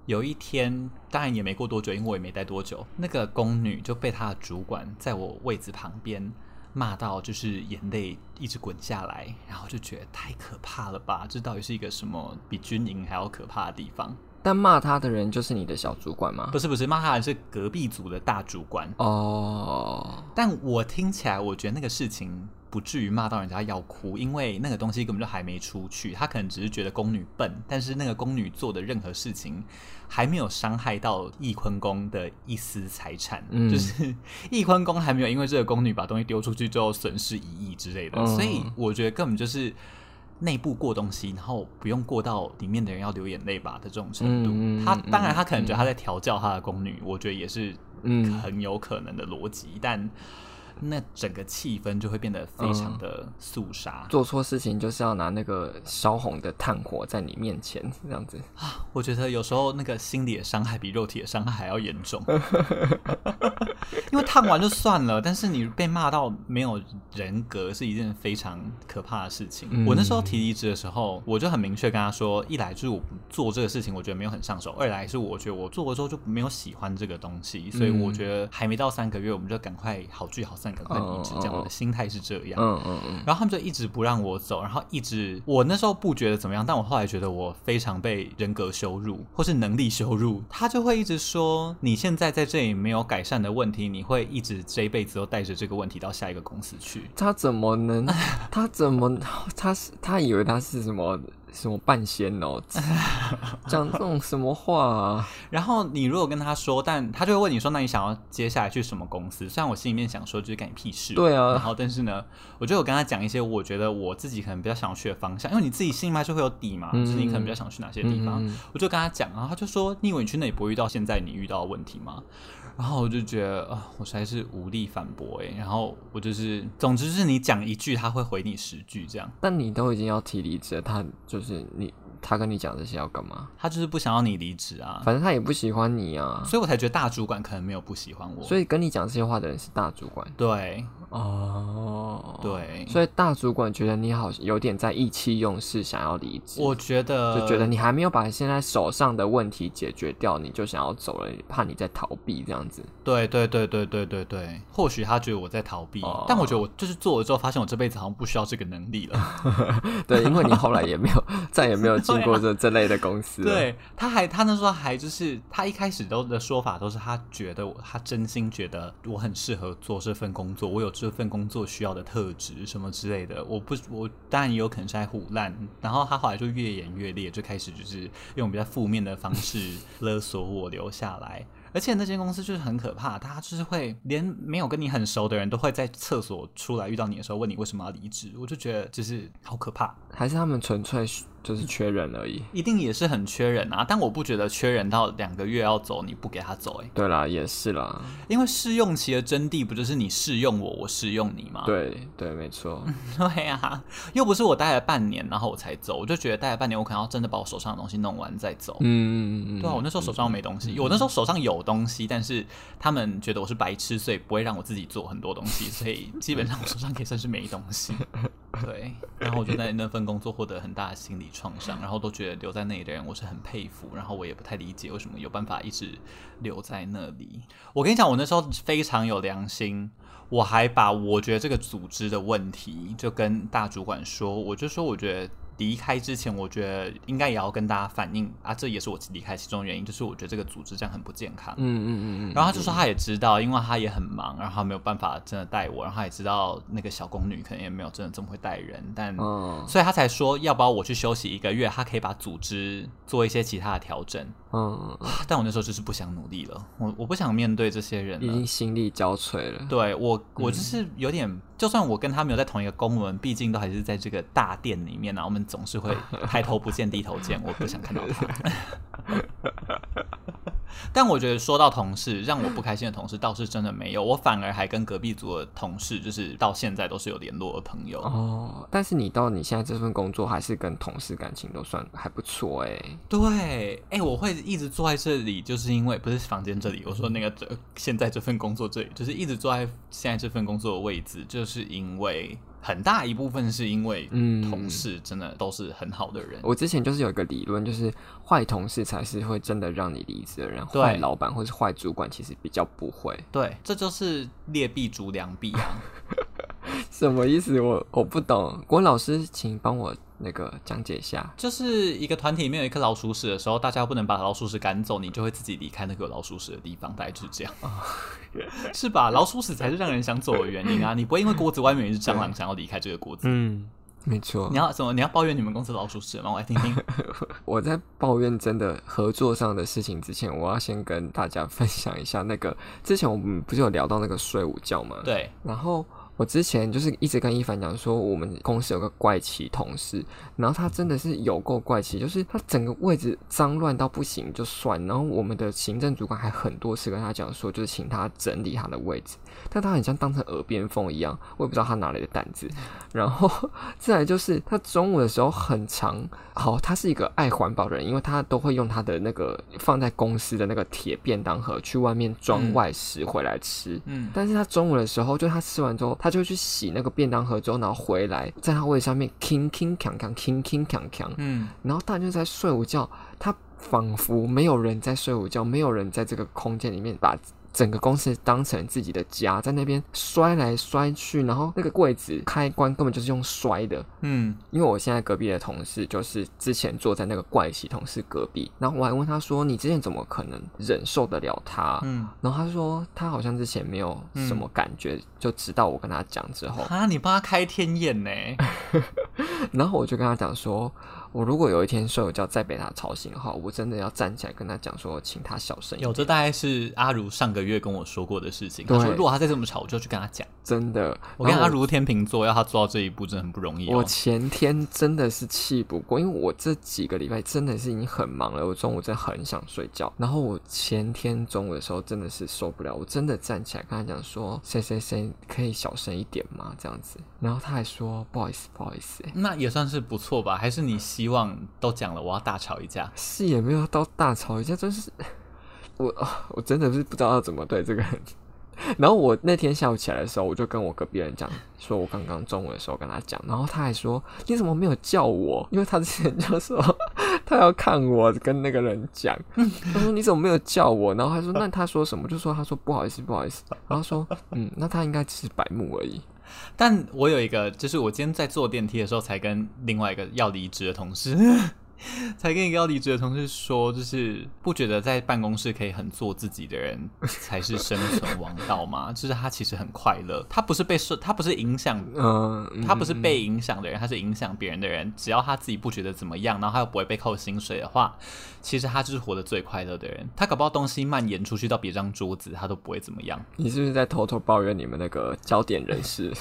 有一天，當然也沒過多久，因為我也沒待多久，那個宮女就被她的主管在我位子旁邊罵到，就是眼淚一直滾下來，然後就覺得太可怕了吧？這到底是一個什麼比軍營還要可怕的地方？但罵他的人就是你的小主管嗎？不是不是，罵他的是隔壁組的大主管。哦、oh.，但我聽起來，我覺得那個事情不至於罵到人家要哭，因為那個東西根本就還沒出去，他可能只是覺得宮女笨，但是那個宮女做的任何事情還沒有傷害到翊坤宮的一絲財產，mm. 就是翊坤宮還沒有因為這個宮女把東西丟出去之後損失一億之類的，oh. 所以我覺得根本就是。內部過東西，然後不用過到裡面的人要流眼淚吧的這種程度。嗯、他、嗯、當然，他可能覺得他在調教他的宮女、嗯，我覺得也是，很有可能的邏輯、嗯，但。那整個氣氛就會變得非常的肅殺，嗯。做錯事情就是要拿那個燒紅的炭火在你面前這樣子。啊、我覺得有時候那個心理的傷害比肉體的傷害還要嚴重。 因為燙完就算了，但是你被罵到沒有人格是一件非常可怕的事情。嗯、我那時候提離職的時候，我就很明確跟他說：一來就是我不做這個事情，我覺得沒有很上手；二來是我，我覺得我做過之後就沒有喜歡這個東西，所以我覺得還沒到三個月，我們就趕快好聚好散。跟你一直講的心態是這樣。嗯嗯嗯。然後他們就一直不讓我走，然後一直我那時候不覺得怎麼樣，但我後來覺得我非常被人格羞辱，或是能力羞辱。他就會一直說，你現在在這裡沒有改善的問題，你會一直這一輩子都帶着這個問題到下一個公司去。他怎麼能？他怎麼？他是他以為他是什麼？什麼半仙哦，講這種什麼話、啊？ 然後你如果跟他說，但他就會問你說：“那你想要接下來去什麼公司？”雖然我心裡面想說就是干屁事，對啊。然後但是呢，我就有跟他講一些我覺得我自己可能比較想要去的方向，因為你自己心裡面就會有底嘛，就、嗯、是你可能比較想去哪些地方。嗯嗯，我就跟他講啊，然後他就說：“你以為你去那裡不會遇到現在你遇到的問題嗎？”然後我就覺得啊，我實在是無力反駁哎。然後我就是，總之是你講一句，他會回你十句這樣。但你都已經要提離職了，他就是你。他跟你講這些要幹嘛？他就是不想要你離職啊，反正他也不喜歡你啊，所以我才覺得大主管可能沒有不喜歡我，所以跟你講這些話的人是大主管。對，哦、oh，對，所以大主管覺得你好像有點在意氣用事，想要離職。我覺得就覺得你還沒有把現在手上的問題解決掉，你就想要走了，怕你在逃避這樣子。對，對，對，對，對，對，對。或許他覺得我在逃避，oh. 但我覺得我就是做了之後，發現我這輩子好像不需要這個能力了。 對，因為你後來也沒有， 再也沒有。做過這這類的公司。對啊，對，他還，他那時候還就是，他一開始都的說法都是，他覺得我，他真心覺得我很適合做這份工作，我有這份工作需要的特質什麼之類的。我不，我當然也有可能是在唬爛，然後他後來就越演越烈，最開始就是用比較負面的方式勒索我留下來，而且那間公司就是很可怕，他就是會連沒有跟你很熟的人都會在廁所出來遇到你的時候問你為什麼要離職，我就覺得就是好可怕，還是他們純粹。就是缺人而已，嗯，一定也是很缺人啊！但我不覺得缺人到兩個月要走你不給他走，哎、欸，對啦，也是啦，因為試用期的真諦不就是你試用我，我試用你嗎？對對，沒錯， 對呀，啊，又不是我待了半年然後我才走，我就覺得待了半年我可能要真的把我手上的東西弄完再走。嗯嗯嗯，對啊，我那時候手上沒東西，嗯嗯，我那時候手上有東西，嗯嗯，但是他們覺得我是白痴，所以不會讓我自己做很多東西， 所以基本上我手上可以算是沒東西。 對，然後我就在那份工作獲得很大的心理。創傷，然後都覺得留在那裡的人，我是很佩服，然後我也不太理解為什麼有辦法一直留在那裡。我跟你講，我那時候非常有良心，我還把我覺得這個組織的問題就跟大主管說，我就說我覺得。離開之前，我覺得應該也要跟大家反映啊，這也是我離開其中的原因，就是我覺得這個組織這樣很不健康。嗯嗯嗯嗯。然後他就說他也知道、嗯，因為他也很忙，然後沒有辦法真的帶我，然後他也知道那個小宮女可能也沒有真的這麼會帶人，但所以，他才說要不要我去休息一個月，他可以把組織做一些其他的調整嗯。嗯，但我那時候就是不想努力了，我我不想面對這些人了，已經心力交瘁了。對我、嗯，我就是有點。就算我跟他沒有在同一個宮門，畢竟都還是在這個大殿裡面呢。我們總是會抬頭不見低頭見，我不想看到他。 但我覺得說到同事，讓我不開心的同事倒是真的沒有，我反而還跟隔壁組的同事，就是到現在都是有聯絡的朋友哦。但是你到你現在這份工作，還是跟同事感情都算還不錯誒、欸？對，誒、欸，我會一直坐在這裡，就是因為不是房間這裡，我說那個、呃、現在這份工作這裡，就是一直坐在現在這份工作的位置，就是因為。很大一部分是因為嗯，同事真的都是很好的人。嗯，我之前就是有一個理論，就是壞同事才是會真的讓你離職的人。壞老板或是壞主管其實比較不會。對，這就是劣幣逐良幣啊。 什麼意思？我我不懂。郭老師，請幫我。那個講解一下，就是一個團體裡面有一顆老鼠屎的時候，大家不能把老鼠屎趕走，你就會自己離開那個老鼠屎的地方，大概是這樣 是吧？老鼠屎才是讓人想走的原因啊， 你不會因為鍋子外面有一隻蟑螂想要離開這個鍋子，嗯，沒錯。你要什麼？你要抱怨你們公司老鼠屎嗎？我來聽聽。 我在抱怨真的合作上的事情之前，我要先跟大家分享一下那個之前我們不是有聊到那個睡午覺嗎？對，然後。我之前就是一直跟伊凡講說，我們公司有個怪奇同事，然後他真的是有夠怪奇，就是他整個位置髒亂到不行，就算，然後我們的行政主管還很多次跟他講說，就是請他整理他的位置。但他很像當成耳邊風一樣，我也不知道他哪裡的膽子、嗯。然後再來就是，他中午的時候很常，好、哦，他是一個愛環保的人，因為他都會用他的那個放在公司的那個鐵便當盒去外面裝外食回來吃嗯。嗯。但是他中午的時候，就他吃完之後，他就會去洗那個便當盒，之後然後回來在他位上面 king king 強強 king king 強強嗯。然後大家就在睡午覺，他仿佛沒有人在睡午覺，沒有人在這個空間裡面把。整個公司當成自己的家，在那邊摔來摔去，然後那個櫃子開關根本就是用摔的。嗯，因為我現在隔壁的同事就是之前坐在那個怪系同事隔壁，然後我還問他說：“你之前怎麼可能忍受得了他？”嗯，然後他說他好像之前沒有什麼感覺，嗯、就直到我跟他講之後，讓你幫他開天眼呢、欸？ 然後我就跟他講說。我如果有一天睡午覺再被他吵醒的話，我真的要站起來跟他講說，請他小聲一點。有，這大概是阿如上個月跟我說過的事情。他說，如果他再這麼吵，我就去跟他講。真的，我跟阿如天秤座，要他做到這一步真的很不容易哦。我前天真的是氣不過，因為我這幾個禮拜真的是已經很忙了，我中午真的很想睡覺。然後我前天中午的時候真的是受不了，我真的站起來跟他講說：“誰誰誰，可以小聲一點嗎？”這樣子。然後他還說：“不好意思，不好意思、欸。”那也算是不錯吧？還是你希望都講了，我要大吵一架？是也沒有到大吵一架，真是我，我真的是不知道要怎麼對這個人。然後我那天下午起來的時候，我就跟我隔壁人講，說我剛剛中午的時候跟他講。然後他還說：“你怎麼沒有叫我？”因為他之前就說他要看我跟那個人講。他說：“你怎麼沒有叫我？”然後他說：“那他說什麼？就說他說不好意思，不好意思。”然後說：“嗯，那他應該只是白目而已。”但我有一個，就是我今天在坐電梯的時候，才跟另外一個要離職的同事。 才跟一個要離職的同事說，就是不覺得在辦公室可以很做自己的人才是生存王道嗎？就是他其實很快樂，他不是被他不是影響，嗯，他不是被影響的人，他是影響別人的人。只要他自己不覺得怎麼樣，然後他又不會被扣薪水的話，其實他就是活得最快樂的人。他搞不好東西蔓延出去到別張桌子，他都不會怎麼樣。你是不是在偷偷抱怨你們那個焦點人士？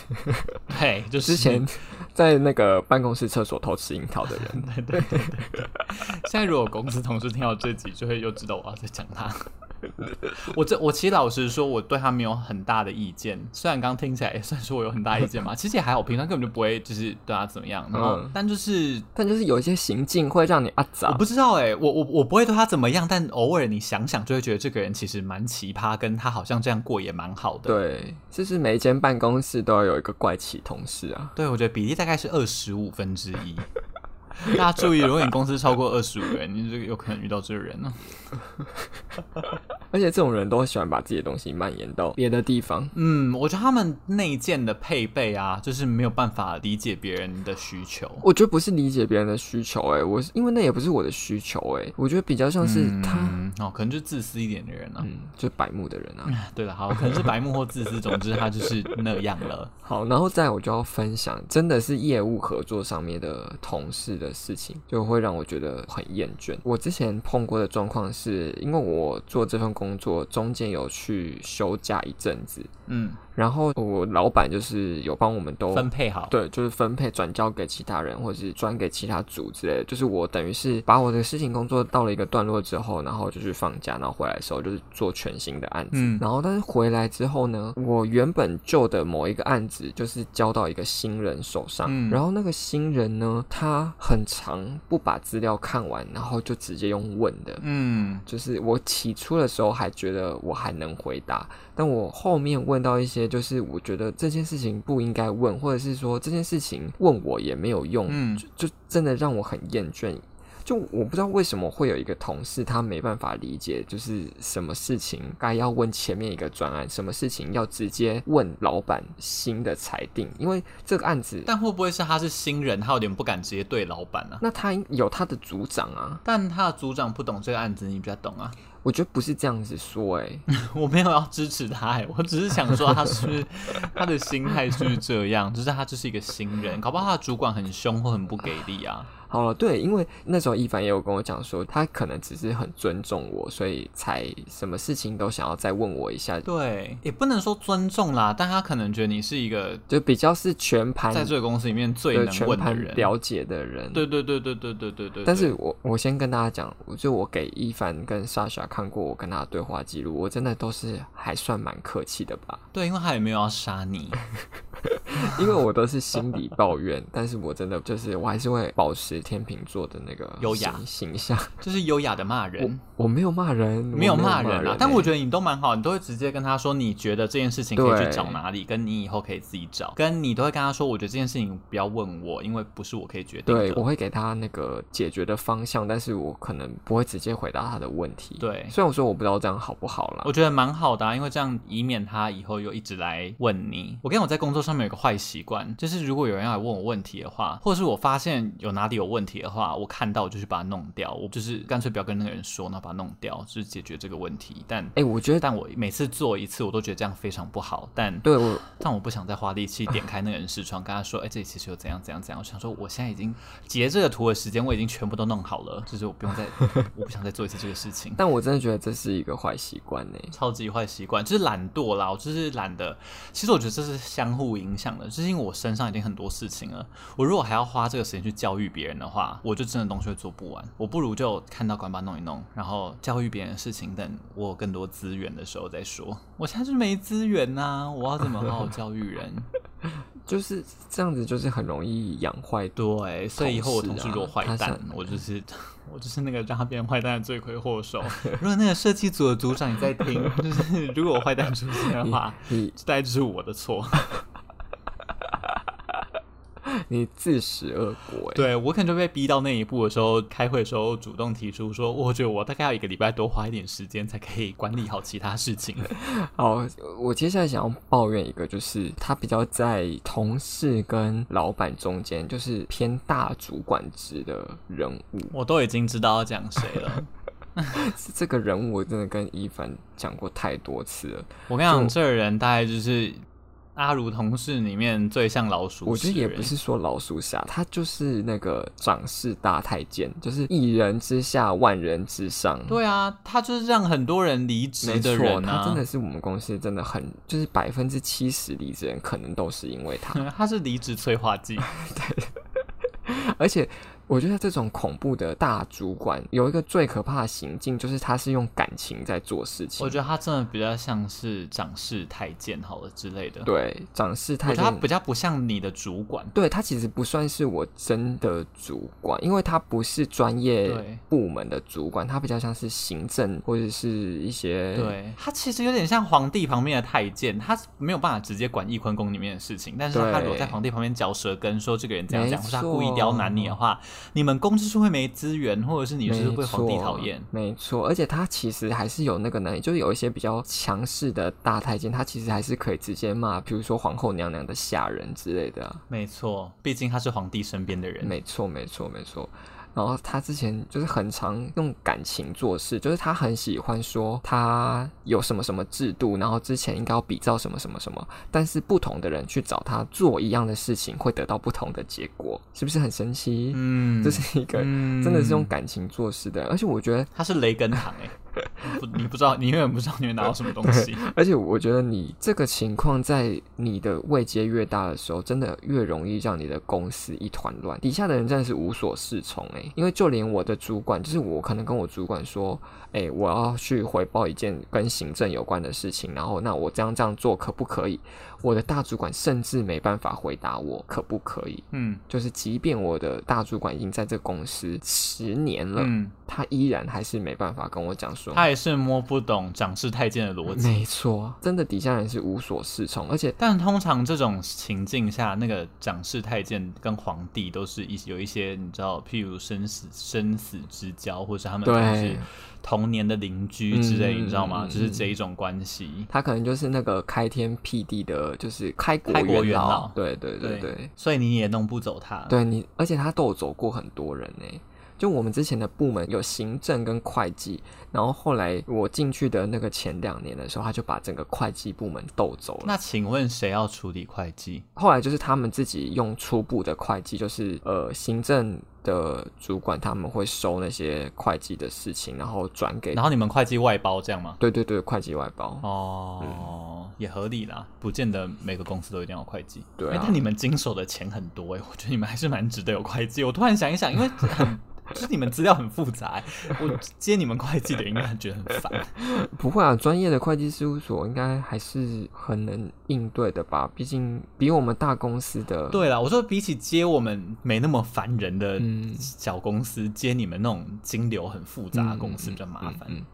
嘿，就之前在那個辦公室廁所偷吃櫻桃的人。 對對，對。 現在如果公司同事聽到這集，就會又知道我要在講他。 我這我其實老實說，我對他沒有很大的意見。雖然剛聽起來也算是我有很大意見嘛，其實也還好，平常根本就不會就是對他怎麼樣。然後，但就是、嗯、但就是有一些行徑會讓你啊，我不知道哎、欸，我我我不會對他怎麼樣，但偶爾你想想就會覺得這個人其實蠻奇葩，跟他好像這樣過也蠻好的。對，就是每一間辦公室都要有一個怪奇同事啊。對，我覺得比例大概是二十五分之一。大家注意，如果你公司超過二十五人，你這個有可能遇到這個人呢、啊。而且這種人都喜歡把自己的東西蔓延到別的地方。嗯，我覺得他們內建的配備啊，就是沒有辦法理解別人的需求。我覺得不是理解別人的需求、欸，哎，我因為那也不是我的需求、欸，哎，我覺得比較像是他、嗯、哦，可能就自私一點的人啊，嗯、就白目的人啊。對了，好，可能是白目或自私，總之他就是那樣了。 好，然後再來我就要分享，真的是業務合作上面的同事的。事情就會讓我覺得很厭倦。我之前碰過的狀況是因為我做這份工作中間有去休假一陣子，嗯。然後我老闆就是有幫我們都分配好，對，就是分配轉交給其他人，或者是轉給其他組之類的。就是我等於是把我的事情工作到了一個段落之後，然後就去放假，然後回來的時候就是做全新的案子。嗯，然後但是回來之後呢，我原本舊的某一個案子就是交到一個新人手上，嗯，然後那個新人呢，他很常不把資料看完，然後就直接用問的，嗯，就是我起初的時候還覺得我還能回答。那我後面問到一些，就是我覺得這件事情不應該問，或者是說這件事情問我也沒有用，嗯、就就真的讓我很厭倦。就我不知道為什麼會有一個同事他沒辦法理解，就是什麼事情該要問前面一個專案，什麼事情要直接問老闆新的裁定，因為這個案子。但會不會是他是新人，他有點不敢直接對老闆啊？那他有他的組長啊，但他的組長不懂這個案子，你比較懂啊？我覺得不是這樣子說哎、欸， 我沒有要支持他哎、欸，我只是想說他是 他的心態是這樣，就是他就是一個新人，搞不好他的主管很凶或很不給力啊。好了，對，因為那時候伊凡也有跟我講說，他可能只是很尊重我，所以才什麼事情都想要再問我一下。對，也不能說尊重啦，但他可能覺得你是一個就比較是全盤在這個公司裡面最能問的人全盤了解的人。對對對對對對對對、對。但是我我先跟大家講，我就我給伊凡跟莎莎看過我跟他的對話記錄，我真的都是還算蠻客氣的吧。對，因為他也沒有要殺你， 因為我都是心裡抱怨， 但是我真的就是我還是會保持。天秤座的那個優雅形象，就是優雅的罵人、人。我沒有罵人，啊，沒有罵人啊。但我覺得你都蠻好，欸，你都會直接跟他說你覺得這件事情可以去找哪裡，跟你以後可以自己找，跟你都會跟他說。我覺得這件事情不要問我，因為不是我可以決定的。對，我會給他那個解決的方向，但是我可能不會直接回答他的問題。對，雖然我說我不知道這樣好不好了，我覺得蠻好的，啊，因為這樣以免他以後又一直來問你。我跟你講，我在工作上面有個壞習慣，就是如果有人要來問我問題的話，或者是我發現有哪裡有問題。問題的話，我看到我就去把它弄掉。我就是乾脆不要跟那個人說，然後把它弄掉，就是解決這個問題。但哎、欸，我覺得，但我每次做一次，我都覺得這樣非常不好。但對我，但我不想再花力氣點開那個人視窗，跟他說：“哎、 欸，這裡其實有怎樣怎樣怎樣。”我想說，我現在已經截這個圖的時間，我已經全部都弄好了，就是我不用再， 我不想再做一次這個事情。但我真的覺得這是一個壞習慣呢，超級壞習慣，就是懶惰啦，我就是懶得。其實我覺得這是相互影響的，就是因為我身上已經很多事情了，我如果還要花這個時間去教育別人。的話，我就真的東西會做不完。我不如就看到管把弄一弄，然後教育別人的事情等、等我有更多資源的時候再說。我現在是沒資源啊，我要怎麼好好教育人？就是這樣子，就是很容易養壞啊。對，所以以後我同事如果壞蛋，我就是我就是那個讓他變壞蛋的罪魁禍首。 如果那個設計組的組長也在聽，就是如果壞蛋出現的話，就大概就是我的錯。你自食惡果、欸。對，我可能就被逼到那一步的時候，開會的時候主動提出說，我覺得我大概要一個禮拜多花一點時間，才可以管理好其他事情。好，我接下來想要抱怨一個，就是他比較在同事跟老板中間，就是偏大主管職的人物。我都已經知道要講誰了， 這個人物我真的跟伊凡講過太多次了。我跟你講，這人大概就是。阿如同事裡面最像老鼠，我覺得也不是說老鼠俠，他就是那個掌事大太監，就是一人之下萬人之上。對啊，他就是讓很多人離職的人啊。沒錯，他真的是我們公司真的很，就是百分之七十離職人可能都是因為他。 他是離職催化劑。 對， 而且。我覺得這種恐怖的大主管有一個最可怕的行徑，就是他是用感情在做事情。我覺得他真的比較像是掌事太監好了之類的。對，掌事太監，他比較不像你的主管。對，他其實不算是我真的主管，因為他不是專業部門的主管，他比較像是行政或者是一些。對，他其實有點像皇帝旁邊的太監，他沒有辦法直接管翊坤宮裡面的事情，但是他如果在皇帝旁邊嚼舌根，說這個人這樣講，或是他故意刁難你的話。你們公司是會沒資源，或者是你就是會被皇帝討厭？沒錯，而且他其實還是有那個能力，就是有一些比較強勢的大太監，他其實還是可以直接罵，比如說皇後娘娘的下人之類的。沒錯，畢竟他是皇帝身邊的人。沒錯，沒錯，沒錯。然後他之前就是很常用感情做事，就是他很喜歡說他有什麼什麼制度，然後之前應該要比照什麼什麼什麼，但是不同的人去找他做一樣的事情，會得到不同的結果，是不是很神奇？嗯，這、就是一個真的是用感情做事的，嗯、而且我覺得他是雷根糖欸 你不知道，你永遠不知道你會拿到什麼東西。而且我覺得你這個情況，在你的位階越大的時候，真的越容易讓你的公司一團亂，底下的人真的是無所適從，欸、因為就連我的主管，就是我可能跟我主管說：“哎、欸，我要去回報一件跟行政有關的事情。”然後，那我這樣這樣做可不可以？我的大主管甚至沒辦法回答我可不可以。嗯，就是即便我的大主管已經在這個公司十年了，嗯，他依然還是沒辦法跟我講說。他也是摸不懂掌事太監的邏輯，沒錯，真的底下人是無所適從。而且，但通常這種情境下，那個掌事太監跟皇帝都是一有一些，你知道，譬如生死生死之交，或是他們都是童年的鄰居之類，你知道嗎、嗯？就是這一種關係。他可能就是那個開天闢地的，就是開國，開國元老。對對對對，對，所以你也弄不走他。對你，而且他都有走過很多人哎、欸。就我們之前的部門有行政跟會計，然後後來我進去的那個前兩年的時候，他就把整個會計部門鬥走了。那請問誰要處理會計？後來就是他們自己用初步的會計，就是呃，行政的主管他們會收那些會計的事情，然後轉給。然後你們會計外包這樣嗎？對對對，會計外包。哦，嗯、也合理啦，不見得每個公司都一定要會計。對、啊。但、欸、你們經手的錢很多誒、欸，我覺得你們還是蠻值得有會計。我突然想一想，因為。 就是你們資料很複雜，我接你們會計的應該覺得很煩 。不會啊，專業的會計事務所應該還是很能應對的吧？畢竟比我們大公司的。對啦。我說比起接我們沒那麼煩人的小公司，嗯、接你們那種金流很複雜的公司比較麻煩。嗯嗯嗯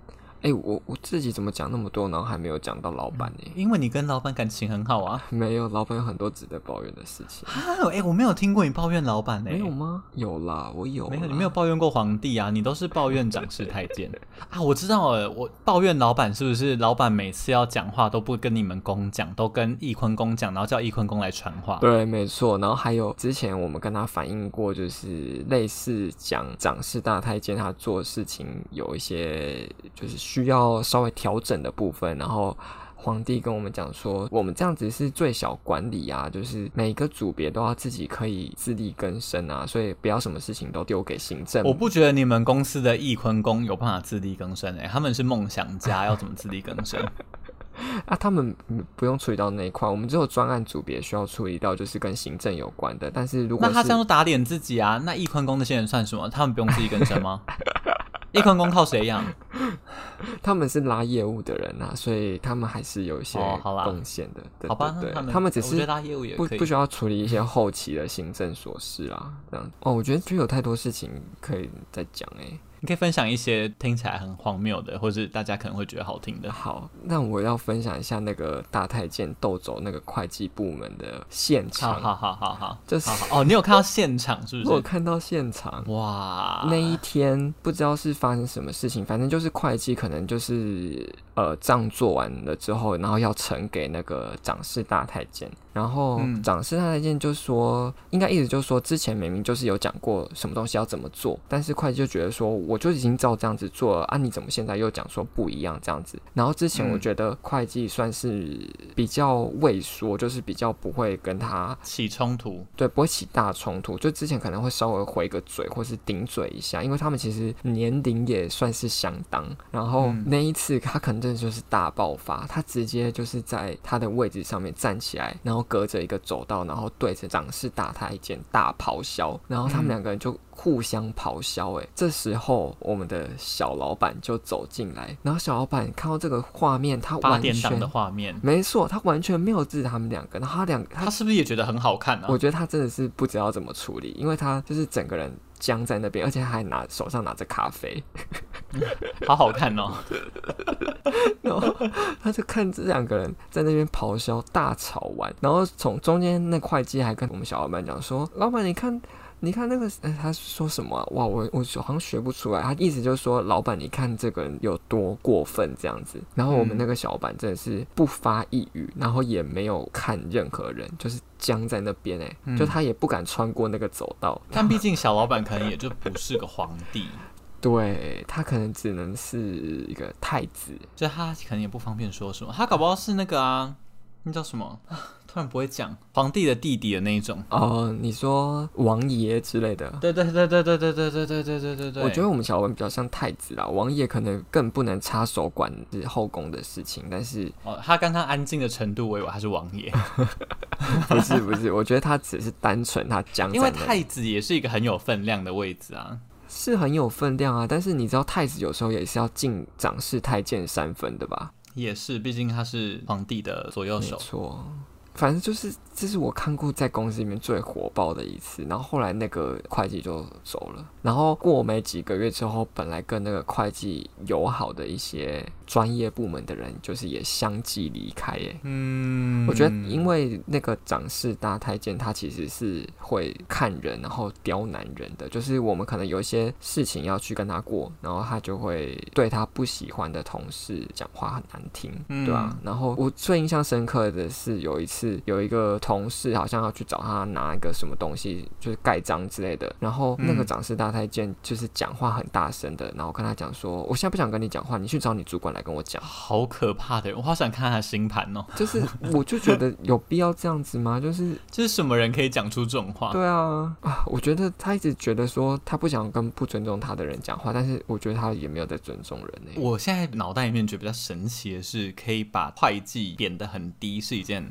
哎、欸，我我自己怎麼講那麼多，然後還沒有講到老板呢、欸？因為你跟老板感情很好啊。 沒有，老板有很多值得抱怨的事情。哎、欸，我沒有聽過你抱怨老板呢、欸。沒有嗎？有啦，我有。沒有，你沒有抱怨過皇帝啊。你都是抱怨掌事太監 啊。我知道了，我抱怨老板是不是？老板每次要講話都不跟你們宮講，都跟翊坤宮講，然後叫翊坤宮來傳話。對，沒錯。然後還有之前我們跟他反映過，就是類似講掌事大太監他做事情有一些就是。需要稍微調整的部分，然後皇帝跟我們講說，我們這樣子是最小管理啊，就是每個組別都要自己可以自力更生啊，所以不要什麼事情都丟給行政。我不覺得你們公司的翊坤宮有辦法自力更生誒、欸，他們是夢想家， 要怎麼自力更生、 啊？他們不用處理到那一塊，我們只有專案組別需要處理到，就是跟行政有關的。但是如果是那他這樣都打臉自己啊，那翊坤宮那些人算什麼？他們不用自力更生嗎？ 一坑工靠誰養？他們是拉業務的人吶、啊，所以他們還是有一些貢獻的、哦好對對對。好吧，他們，他們只是不，不需要處理一些後期的行政瑣事啊。這樣哦，我覺得就有太多事情可以再講哎、欸。你可以分享一些聽起來很荒謬的，或者是大家可能會覺得好聽的。好，那我要分享一下那個大太監鬥走那個會計部門的現場。好好好好好，就是哦，你有看到現場是不是？我有看到現場，哇，那一天不知道是發生什麼事情，反正就是會計可能就是呃賬做完了之後，然後要呈給那個掌事大太監，然後、嗯、掌事大太監就說，應該意思就是說之前明明就是有講過什麼東西要怎麼做，但是會計就覺得說我。我就已經照這樣子做了，按、啊、你怎麼現在又講說不一樣這樣子。然後之前我覺得會計算是比較畏縮、嗯，就是比較不會跟他起衝突，對，不會起大衝突。就之前可能會稍微回個嘴，或是頂嘴一下，因為他們其實年齡也算是相當。然後那一次他可能真的就是大爆發，他直接就是在他的位置上面站起來，然後隔着一個走道，然後對着長勢打他一拳，大咆哮。然後他們兩個人就互相咆哮、欸，哎，這時候。我們的小老闆就走進來，然後小老闆看到這個畫面，他完全，八點檔的畫面沒錯，他完全沒有制止他們兩個。然後他兩個，他是不是也覺得很好看呢？啊？我覺得他真的是不知道怎麼處理，因為他就是整個人僵在那邊，而且還拿手上拿着咖啡 嗯，好好看哦。 然後他就看這兩個人在那邊咆哮大吵完，然後從中間那會計還跟我們小老闆講說：“老闆，你看。”你看那個，哎、欸，他說什麼、啊？哇，我我，我好像學不出來。他意思就是說，老闆，你看這個人有多過分，這樣子。然後我們那個小老闆真的是不發一語，然後也沒有看任何人，就是僵在那邊、欸。哎、嗯，就他也不敢穿過那個走道。但畢竟小老闆可能也就不是個皇帝， 對他可能只能是一個太子，就他可能也不方便說什麼。他搞不好是那個啊，那叫什麼？.他們不會講皇帝的弟弟的那一種哦，你說王爺之類的，對，對對對對對對對對對對對對。我覺得我們小文比較像太子啦，王爺可能更不能插手管後宮的事情，但是哦，他剛剛安靜的程度，我以為他是王爺。 不是不是，我覺得他只是單純他講，因為太子也是一個很有分量的位置啊，是很有分量啊。但是你知道，太子有時候也是要敬掌事太監三分的吧？也是，畢竟他是皇帝的左右手。沒錯。反正就是，這是我看過在公司裡面最火爆的一次。然後後來那個會計就走了，然後過沒幾個月之後，本來跟那個會計友好的一些。專業部門的人就是也相繼離開耶。嗯，我覺得因為那個掌事大太監，他其實是會看人，然後刁難人的。就是我們可能有一些事情要去跟他過，然後他就會對他不喜歡的同事講話很難聽，對啊，然後我最印象深刻的是有一次，有一個同事好像要去找他拿一個什麼東西，就是蓋章之類的。然後那個掌事大太監就是講話很大聲的，然後跟他講說：“我現在不想跟你講話，你去找你主管。”來跟我講，好可怕的！我好想看看他的星盤哦。就是，我就覺得有必要這樣子嗎？就是，這 是什麼人可以講出這種話？對啊，啊，我覺得他一直覺得說他不想跟不尊重他的人講話，但是我覺得他也沒有在尊重人呢、欸。我現在腦袋裡面覺得比較神奇的是，可以把會計貶得很低是一件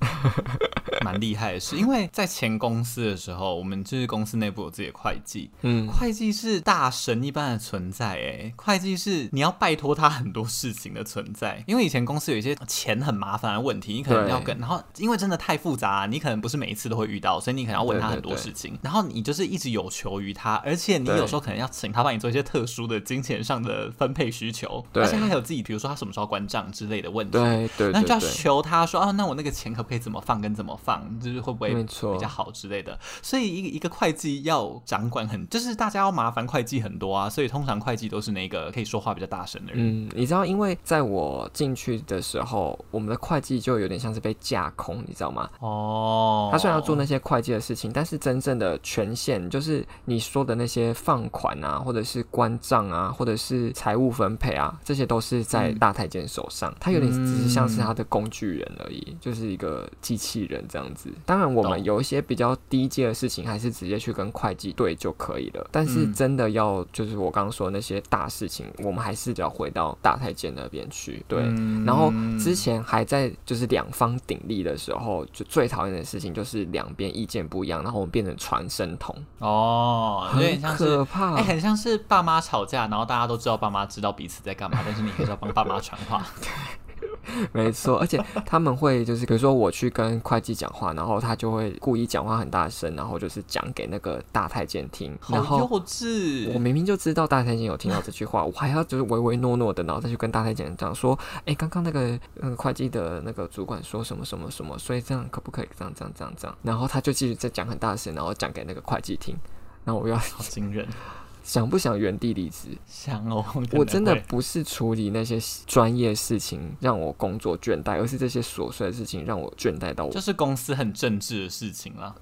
蠻厲害的事。 因為在前公司的時候，我們就是公司內部有自己的會計，嗯，會計是大神一般的存在、欸，哎，會計是你要拜托他很多事情。的存在，因為以前公司有一些錢很麻煩的問題，你可能要跟，然後因為真的太複雜、啊，你可能不是每一次都會遇到，所以你可能要問他很多事情，對對對，然後你就是一直有求於他，而且你有時候可能要請他幫你做一些特殊的金錢上的分配需求，對，而且他還有自己，比如說他什麼時候關賬之類的問題，對對、對、對、對，那就要求他說啊，那我那個錢可不可以怎麼放跟怎麼放，就是會不會比較好之類的，所以一個一個會計要掌管很，就是大家要麻煩會計很多啊，所以通常會計都是那個可以說話比較大聲的人，嗯，你知道因為。在我進去的時候，我們的會計就有點像是被架空，你知道嗎？哦、oh.，他雖然要做那些會計的事情，但是真正的權限就是你說的那些放款啊，或者是關賬啊，或者是財務分配啊，這些都是在大太監手上。Mm. 他有點只是像是他的工具人而已，mm. 就是一個機器人這樣子。當然，我們有一些比較低階的事情，還是直接去跟會計對就可以了。但是真的要就是我剛剛說的那些大事情，我們還是要回到大太監的。邊、嗯、去，對，然後之前還在就是兩方鼎立的時候，就最討厭的事情就是兩邊意見不一樣，然後我們變成傳聲筒哦，有點像是可怕，哎、欸，很像是爸媽吵架，然後大家都知道爸媽知道彼此在幹嘛， 但是你還是要幫爸媽傳話。 沒錯，而且他們會就是，比如說我去跟會計講話，然後他就會故意講話很大聲，然後就是講給那個大太監聽。然後幼稚！我明明就知道大太監有聽到這句話，我還要就是唯唯諾諾的，然後再去跟大太監講說，哎、欸，剛剛、那個、那個會計的那個主管說什麼什麼什麼，所以這樣可不可以這樣這樣這樣這樣？然後他就繼續在講很大聲，然後講給那個會計聽。然後我又要好驚人。 想不想原地離職？想哦！我，我真的不是處理那些專業事情讓我工作倦怠，而是這些瑣碎的事情讓我倦怠到我。我、就、這是公司很政治的事情啦。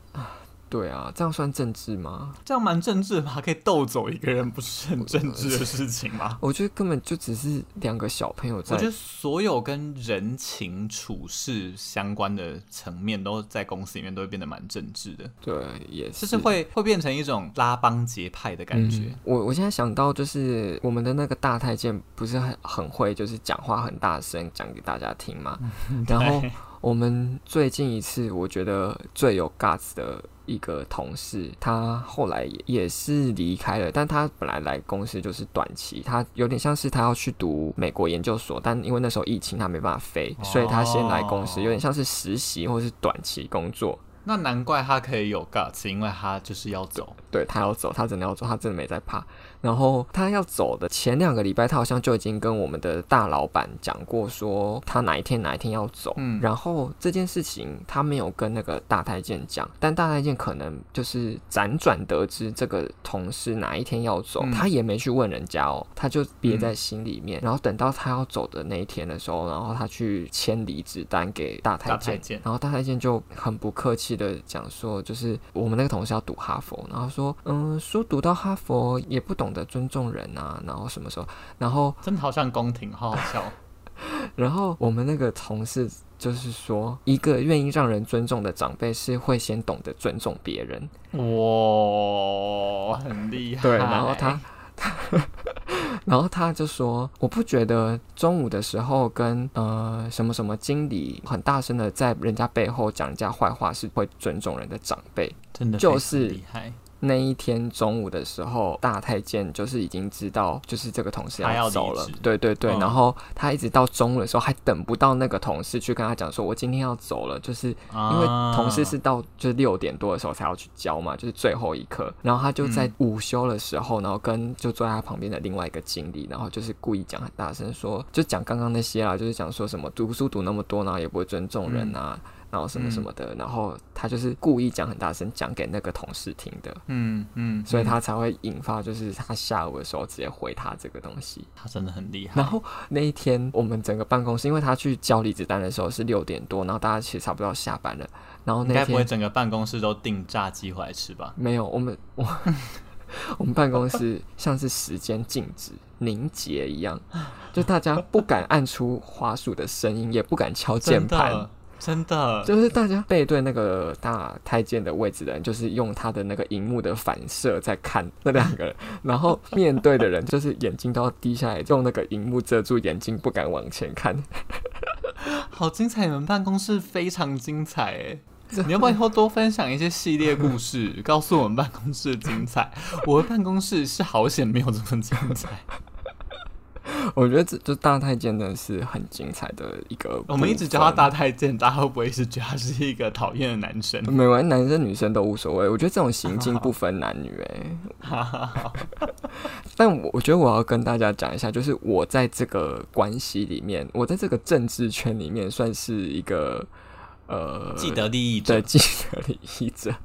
對啊，這樣算政治嗎？這樣蠻政治的吧，可以逗走一個人，不是很政治的事情嗎？ 我覺得根本就只是兩個小朋友在。我覺得所有跟人情處事相關的層面，都在公司裡面都會變得蠻政治的。對，也是，就是會會變成一種拉幫結派的感覺。嗯、我我現在想到就是我們的那個大太監，不是很很會，就是講話很大聲講給大家聽嘛。 然後我們最近一次，我覺得最有 guts 的。一個同事，他後來也,也是離開了，但他本來來公司就是短期，他有點像是他要去讀美國研究所，但因為那時候疫情，他沒辦法飛，哦，所以他先來公司，有點像是實習或是短期工作。那難怪他可以有 guts，因為他就是要走，對，他要走，他真的要走，他真的沒在怕。然後他要走的前兩個禮拜，他好像就已經跟我們的大老板講過，說他哪一天哪一天要走。嗯。然後這件事情他沒有跟那個大太監講，但大太監可能就是輾轉得知這個同事哪一天要走，嗯，他也沒去問人家哦，他就憋在心裡面，嗯。然後等到他要走的那一天的時候，然後他去簽離職單給大太，大太監，然後大太監就很不客氣的講說，就是我們那個同事要讀哈佛，然後說，嗯，書讀到哈佛也不懂的尊重人啊，然後什麼時候，然後真的好像宮廷，好，好笑。 然後我們那個同事就是說，一個願意讓人尊重的長輩是會先懂得尊重別人，哇、哦，很厲害。對，然後他，他他 然後他就說，我不覺得中午的時候跟呃什麼什麼經理很大聲的在人家背後講人家壞話是會尊重人的長輩，真的就是厲害。就是那一天中午的時候，大太監就是已經知道，就是這個同事要走了。對對對、嗯，然後他一直到中午的時候還等不到那個同事去跟他講說，我今天要走了，就是因為同事是到就是六點多的時候才要去交嘛、啊，就是最後一刻。然後他就在午休的時候，嗯、然後跟就坐在他旁邊的另外一個經理，然後就是故意講很大聲說，就講剛剛那些啊，就是講說什麼讀書讀那麼多呢、啊，也不會尊重人啊。嗯然後什麼什麼的，嗯、然後他就是故意講很大聲，講給那個同事聽的。嗯嗯，所以他才會引發，就是他下午的時候直接回他這個東西。他真的很厲害。然後那一天，我們整個辦公室，因為他去交離職單的時候是六點多，然後大家其實差不多下班了。然後那該不會整個辦公室都訂炸雞回來吃吧？沒有，我們我 我們辦公室像是時間靜止 凝結一樣，就大家不敢按出滑鼠的聲音，也不敢敲鍵盤。真的，就是大家背對那個大太監的位置的人，就是用他的那個熒幕的反射在看那兩個人，然後面對的人就是眼睛都要低下來，用那個熒幕遮住眼睛，不敢往前看。好精彩！你們辦公室非常精彩哎，你要不要以後多分享一些系列故事，告訴我們辦公室的精彩？我的辦公室是好險沒有這麼精彩。我覺得這這大太監的是很精彩的一個，我們一直叫他大太監，大家會不會是覺得他是一個討厭的男生？每玩男生女生都無所謂，我覺得這種行徑不分男女哎、欸。哈哈哈！好好 但我我覺得我要跟大家講一下，就是我在這個關係裡面，我在這個政治圈裡面算是一個呃，既得利益者，對，既得利益者。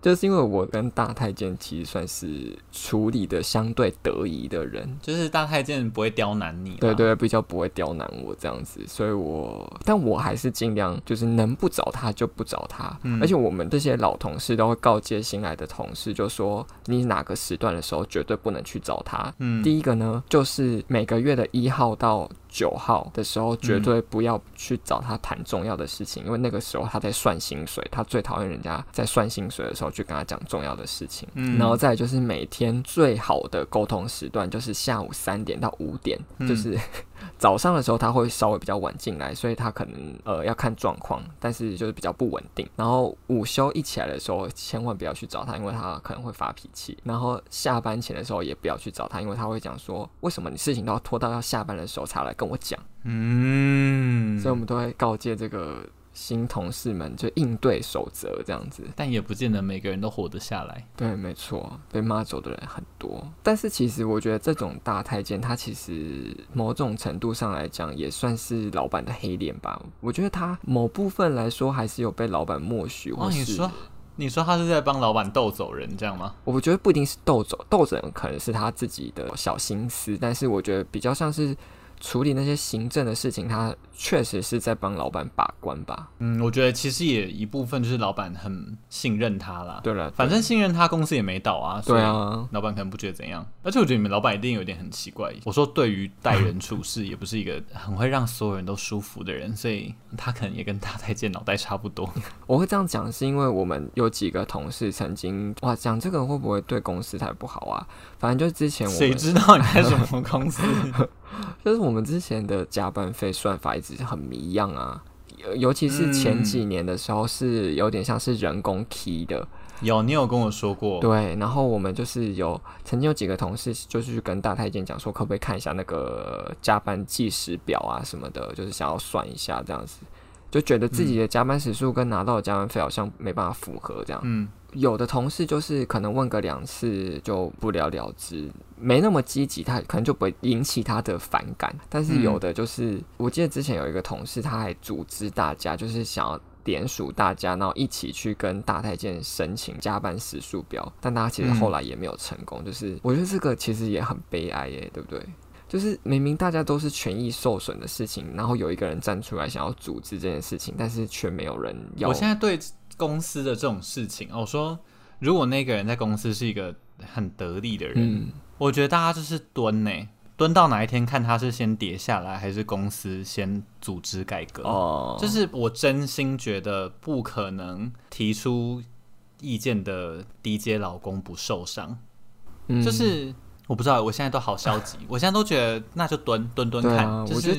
就是因為我跟大太監其實算是處理的相對得宜的人，就是大太監不會刁難你，對對，對，比較不會刁難我這樣子，所以我但我還是盡量就是能不找他就不找他，而且我們這些老同事都會告誡新來的同事，就說你哪個時段的時候絕對不能去找他。嗯，第一個呢，就是每個月的一號到。九號的時候絕對不要去找他談重要的事情。嗯，因為那個時候他在算薪水，他最討厭人家在算薪水的時候去跟他講重要的事情。嗯、然後再就是每天最好的溝通時段就是下午三點到五點，就是、嗯。 早上的時候他會稍微比較晚進來，所以他可能呃要看狀況，但是就是比較不穩定。然後午休一起來的時候千萬不要去找他，因為他可能會發脾氣。然後下班前的時候也不要去找他，因為他會講說為什麼你事情都要拖到要下班的時候才來跟我講。嗯，所以我們都會告誡這個。新同事們就應對守則這樣子，但也不見得每個人都活得下來。對，沒錯，被罵走的人很多。但是其實我覺得這種大太監，他其實某種程度上來講，也算是老闆的黑臉吧。我覺得他某部分來說，還是有被老闆默許或是。哦，你說，你說他是在幫老闆鬥走人這樣嗎？我覺得不一定是鬥走，鬥走可能是他自己的小心思。但是我覺得比較像是。處理那些行政的事情，他確實是在幫老闆把關吧。嗯，我覺得其實也一部分就是老闆很信任他啦。對了，反正信任他，公司也沒倒啊。對啊，老闆可能不覺得怎樣。而且我覺得你們老闆一定有一點很奇怪。我說，對於待人處事也不是一個很會讓所有人都舒服的人，所以他可能也跟大太監腦袋差不多。我會這樣講，是因為我們有幾個同事曾經哇，講這個會不會對公司太不好啊？反正就之前我，誰知道你開什麼公司？ 就是我們之前的加班費算法，一直是很迷一樣啊，尤其是前幾年的時候，是有點像是人工 key 的、嗯。有，你有跟我說過。對，然後我們就是有曾經有幾個同事，就是去跟大太監講說，可不可以看一下那個加班計時表啊什麼的，就是想要算一下這樣子，就覺得自己的加班時數跟拿到的加班費好像沒辦法符合這樣。嗯。有的同事就是可能問個兩次就不了了之，沒那麼積極，他可能就不會引起他的反感。但是有的就是，我記得之前有一個同事，他還組織大家，就是想要連署大家，然後一起去跟大太監申請加班時數表，但大家其實後來也沒有成功。就是我覺得這個其實也很悲哀耶、欸，對不對？就是明明大家都是權益受損的事情，然後有一個人站出來想要組織這件事情，但是卻沒有人要。我現在對。公司的這種事情我、哦、說，如果那個人在公司是一個很得力的人，嗯、我覺得大家就是蹲呢、欸，蹲到哪一天看他是先跌下來，還是公司先組織改革。哦，就是我真心覺得不可能提出意見的低階老公不受傷、嗯，就是。我不知道，我現在都好消極， 我現在都覺得那就蹲蹲蹲看，啊，就是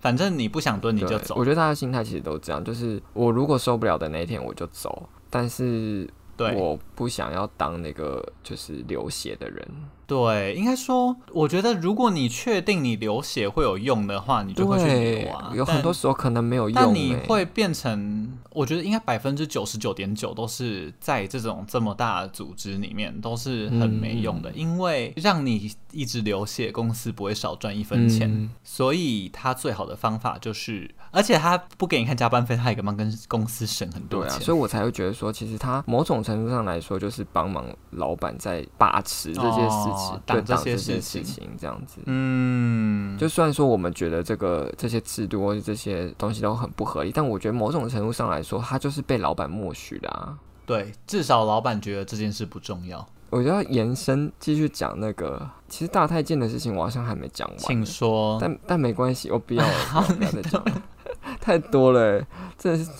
反正你不想蹲你就走。我覺得大家的心態其實都這樣，就是我如果受不了的那一天我就走，但是我不想要當那個就是流血的人。對，應該說，我覺得如果你確定你流血會有用的話，你就會去有、啊、有很多時候可能沒有用、欸，但你會變成，我覺得應該百分之九十九點九都是在這種這麼大的組織裡面都是很沒用的，嗯，因為讓你一直流血，公司不會少賺一分錢。嗯，所以他最好的方法就是，而且他不給你看加班費，他也可能跟公司省很多錢。對、啊。所以我才會覺得說，其實他某種程度上來說，就是幫忙老闆在把持這件事。哦擋這些事情，這，事情這樣子，嗯，就雖然說我們覺得這個這些制度或者這些東西都很不合理，但我覺得某種程度上來說，他就是被老板默許的、啊，對，至少老板覺得這件事不重要。我要延伸繼續講那個，其實大太監的事情，我好像還沒講完，請說。但但沒關係，我、oh, 不要講 太多了，真的是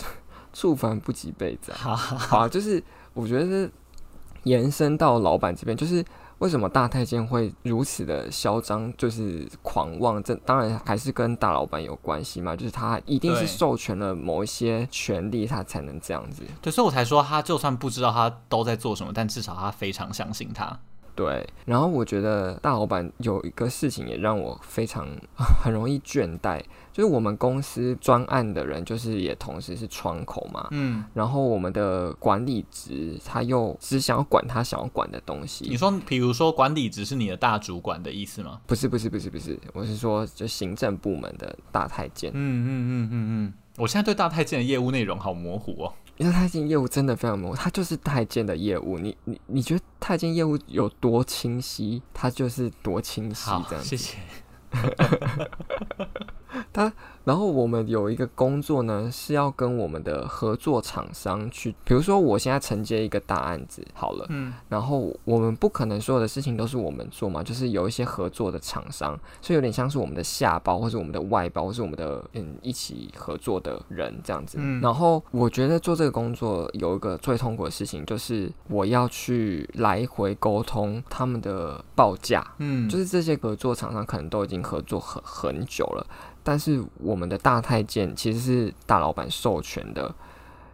觸犯不及備載，啊，好好，好，好，啊，就是我覺得是延伸到老板這邊，就是。為什麼大太監會如此的囂張，就是狂妄？這當然還是跟大老板有關係嘛，就是他一定是授權了某一些權利，他才能這樣子。對，對，所以我才說他就算不知道他都在做什麼，但至少他非常相信他。對，然後我覺得大老板有一個事情也讓我非常很容易倦怠。就是我們公司專案的人，就是也同時是窗口嘛。嗯。然後我們的管理職他又只想要管他想要管的東西。你說，比如說管理職是你的大主管的意思嗎？不是不是不是不是，我是說就行政部門的大太監。嗯嗯嗯嗯嗯，我現在對大太監的業務內容好模糊哦。因為太監業務真的非常模糊，他就是太監的業務。你你你覺得太監業務有多清晰，他就是多清晰這樣。樣。好，謝謝。 他，然後我們有一個工作呢，是要跟我們的合作廠商去，比如說我現在承接一個大案子，好了，嗯，然後我們不可能所有的事情都是我們做嘛，就是有一些合作的廠商，所以有點像是我們的下包或是我們的外包，或是我們的嗯一起合作的人這樣子。嗯。然後我覺得做這個工作有一個最痛苦的事情，就是我要去來回溝通他們的報價，嗯，就是這些合作廠商可能都已經合作很很久了。但是我們的大太監其實是大老闆授權的，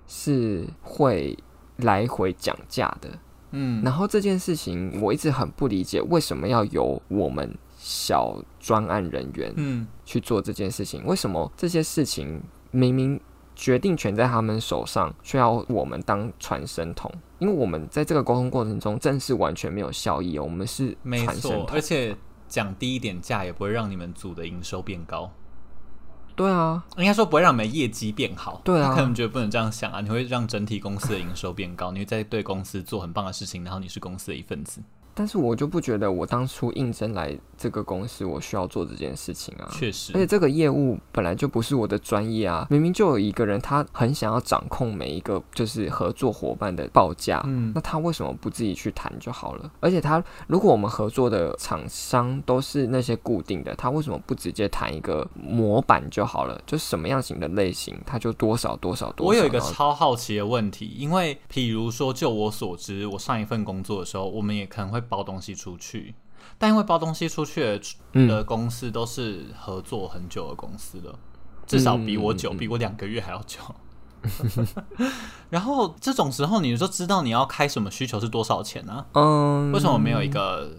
是會來回講價的。嗯，然後這件事情我一直很不理解，為什麼要由我們小專案人員嗯去做這件事情，嗯？為什麼這些事情明明決定權在他們手上，卻要我們當傳聲筒？因為我們在這個溝通過程中，正是完全沒有效益，哦。我們是傳聲筒。沒錯，而且講低一點價也不會讓你們組的營收變高。對啊，應該說不會讓你的業績變好。對啊，他可能覺得不能這樣想啊，你會讓整體公司的營收變高， 你會在對公司做很棒的事情，然後你是公司的一份子。但是我就不覺得我當初應徵來這個公司，我需要做這件事情啊。確實，而且這個業務本來就不是我的專業啊。明明就有一個人，他很想要掌控每一個就是合作夥伴的報價，嗯，那他為什麼不自己去談就好了？而且他如果我們合作的廠商都是那些固定的，他為什麼不直接談一個模板就好了？就什麼樣型的類型，他就多少多少多少。我有一個超好奇的問題，因為譬如說，就我所知，我上一份工作的時候，我們也可能會。包東西出去，但因為包東西出去的公司都是合作很久的公司了，嗯，至少比我久，嗯，比我兩個月還要久。 然後這種時候，你就知道你要開什麼需求是多少錢呢、啊？Um, 為什麼沒有一個？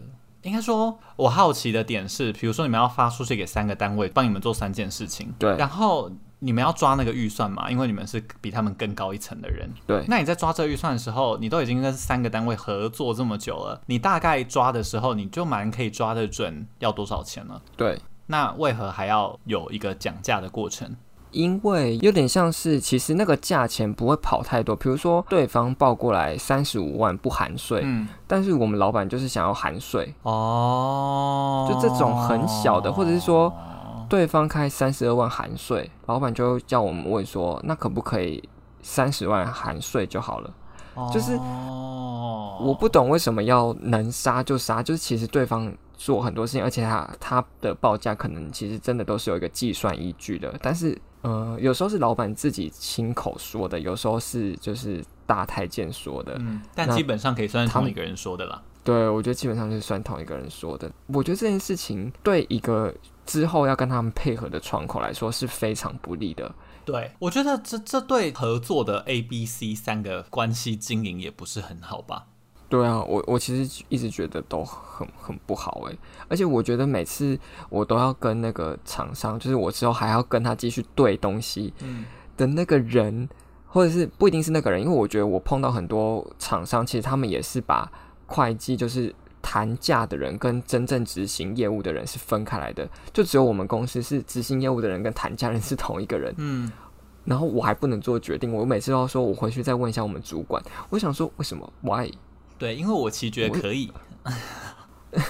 應該說我好奇的點是，比如說你們要發出去給三個單位幫你們做三件事情，對，然後。你們要抓那個預算嘛，因為你們是比他們更高一層的人。對，那你在抓這個預算的時候，你都已經跟三個單位合作這麼久了，你大概抓的時候，你就蠻可以抓得準要多少錢了。對，那為何還要有一個講價的過程？因為有點像是，其實那個價錢不會跑太多。比如說對方報過來三十五萬不含稅，嗯，但是我們老板就是想要含稅。哦，就這種很小的，哦、或者是說。對方開三十二萬含稅，老闆就叫我們問說，那可不可以三十萬含稅就好了？Oh. 就是，我不懂為什麼要能殺就殺。就是其實對方做很多事情，而且他他的報價可能其實真的都是有一個計算依據的。但是呃，有時候是老闆自己親口說的，有時候是就是大太監說的，嗯，但基本上可以算同一個人說的啦。對，我覺得基本上就是算同一個人說的。我覺得這件事情對一個。之後要跟他們配合的窗口來說是非常不利的。對，我覺得這這對合作的 A、B、C 三個關係經營也不是很好吧？對啊，我我其實一直覺得都很很不好誒、欸，而且我覺得每次我都要跟那個廠商，就是我之後還要跟他繼續對東西，嗯，的那個人，或者是不一定是那個人，因為我覺得我碰到很多廠商，其實他們也是把會計就是。談價的人跟真正執行業務的人是分開來的，就只有我們公司是執行業務的人跟談價人是同一個人。嗯，然後我還不能做決定，我每次都要說，我回去再問一下我們主管。我想說為什麼？Why？對，因為我其實覺得可以。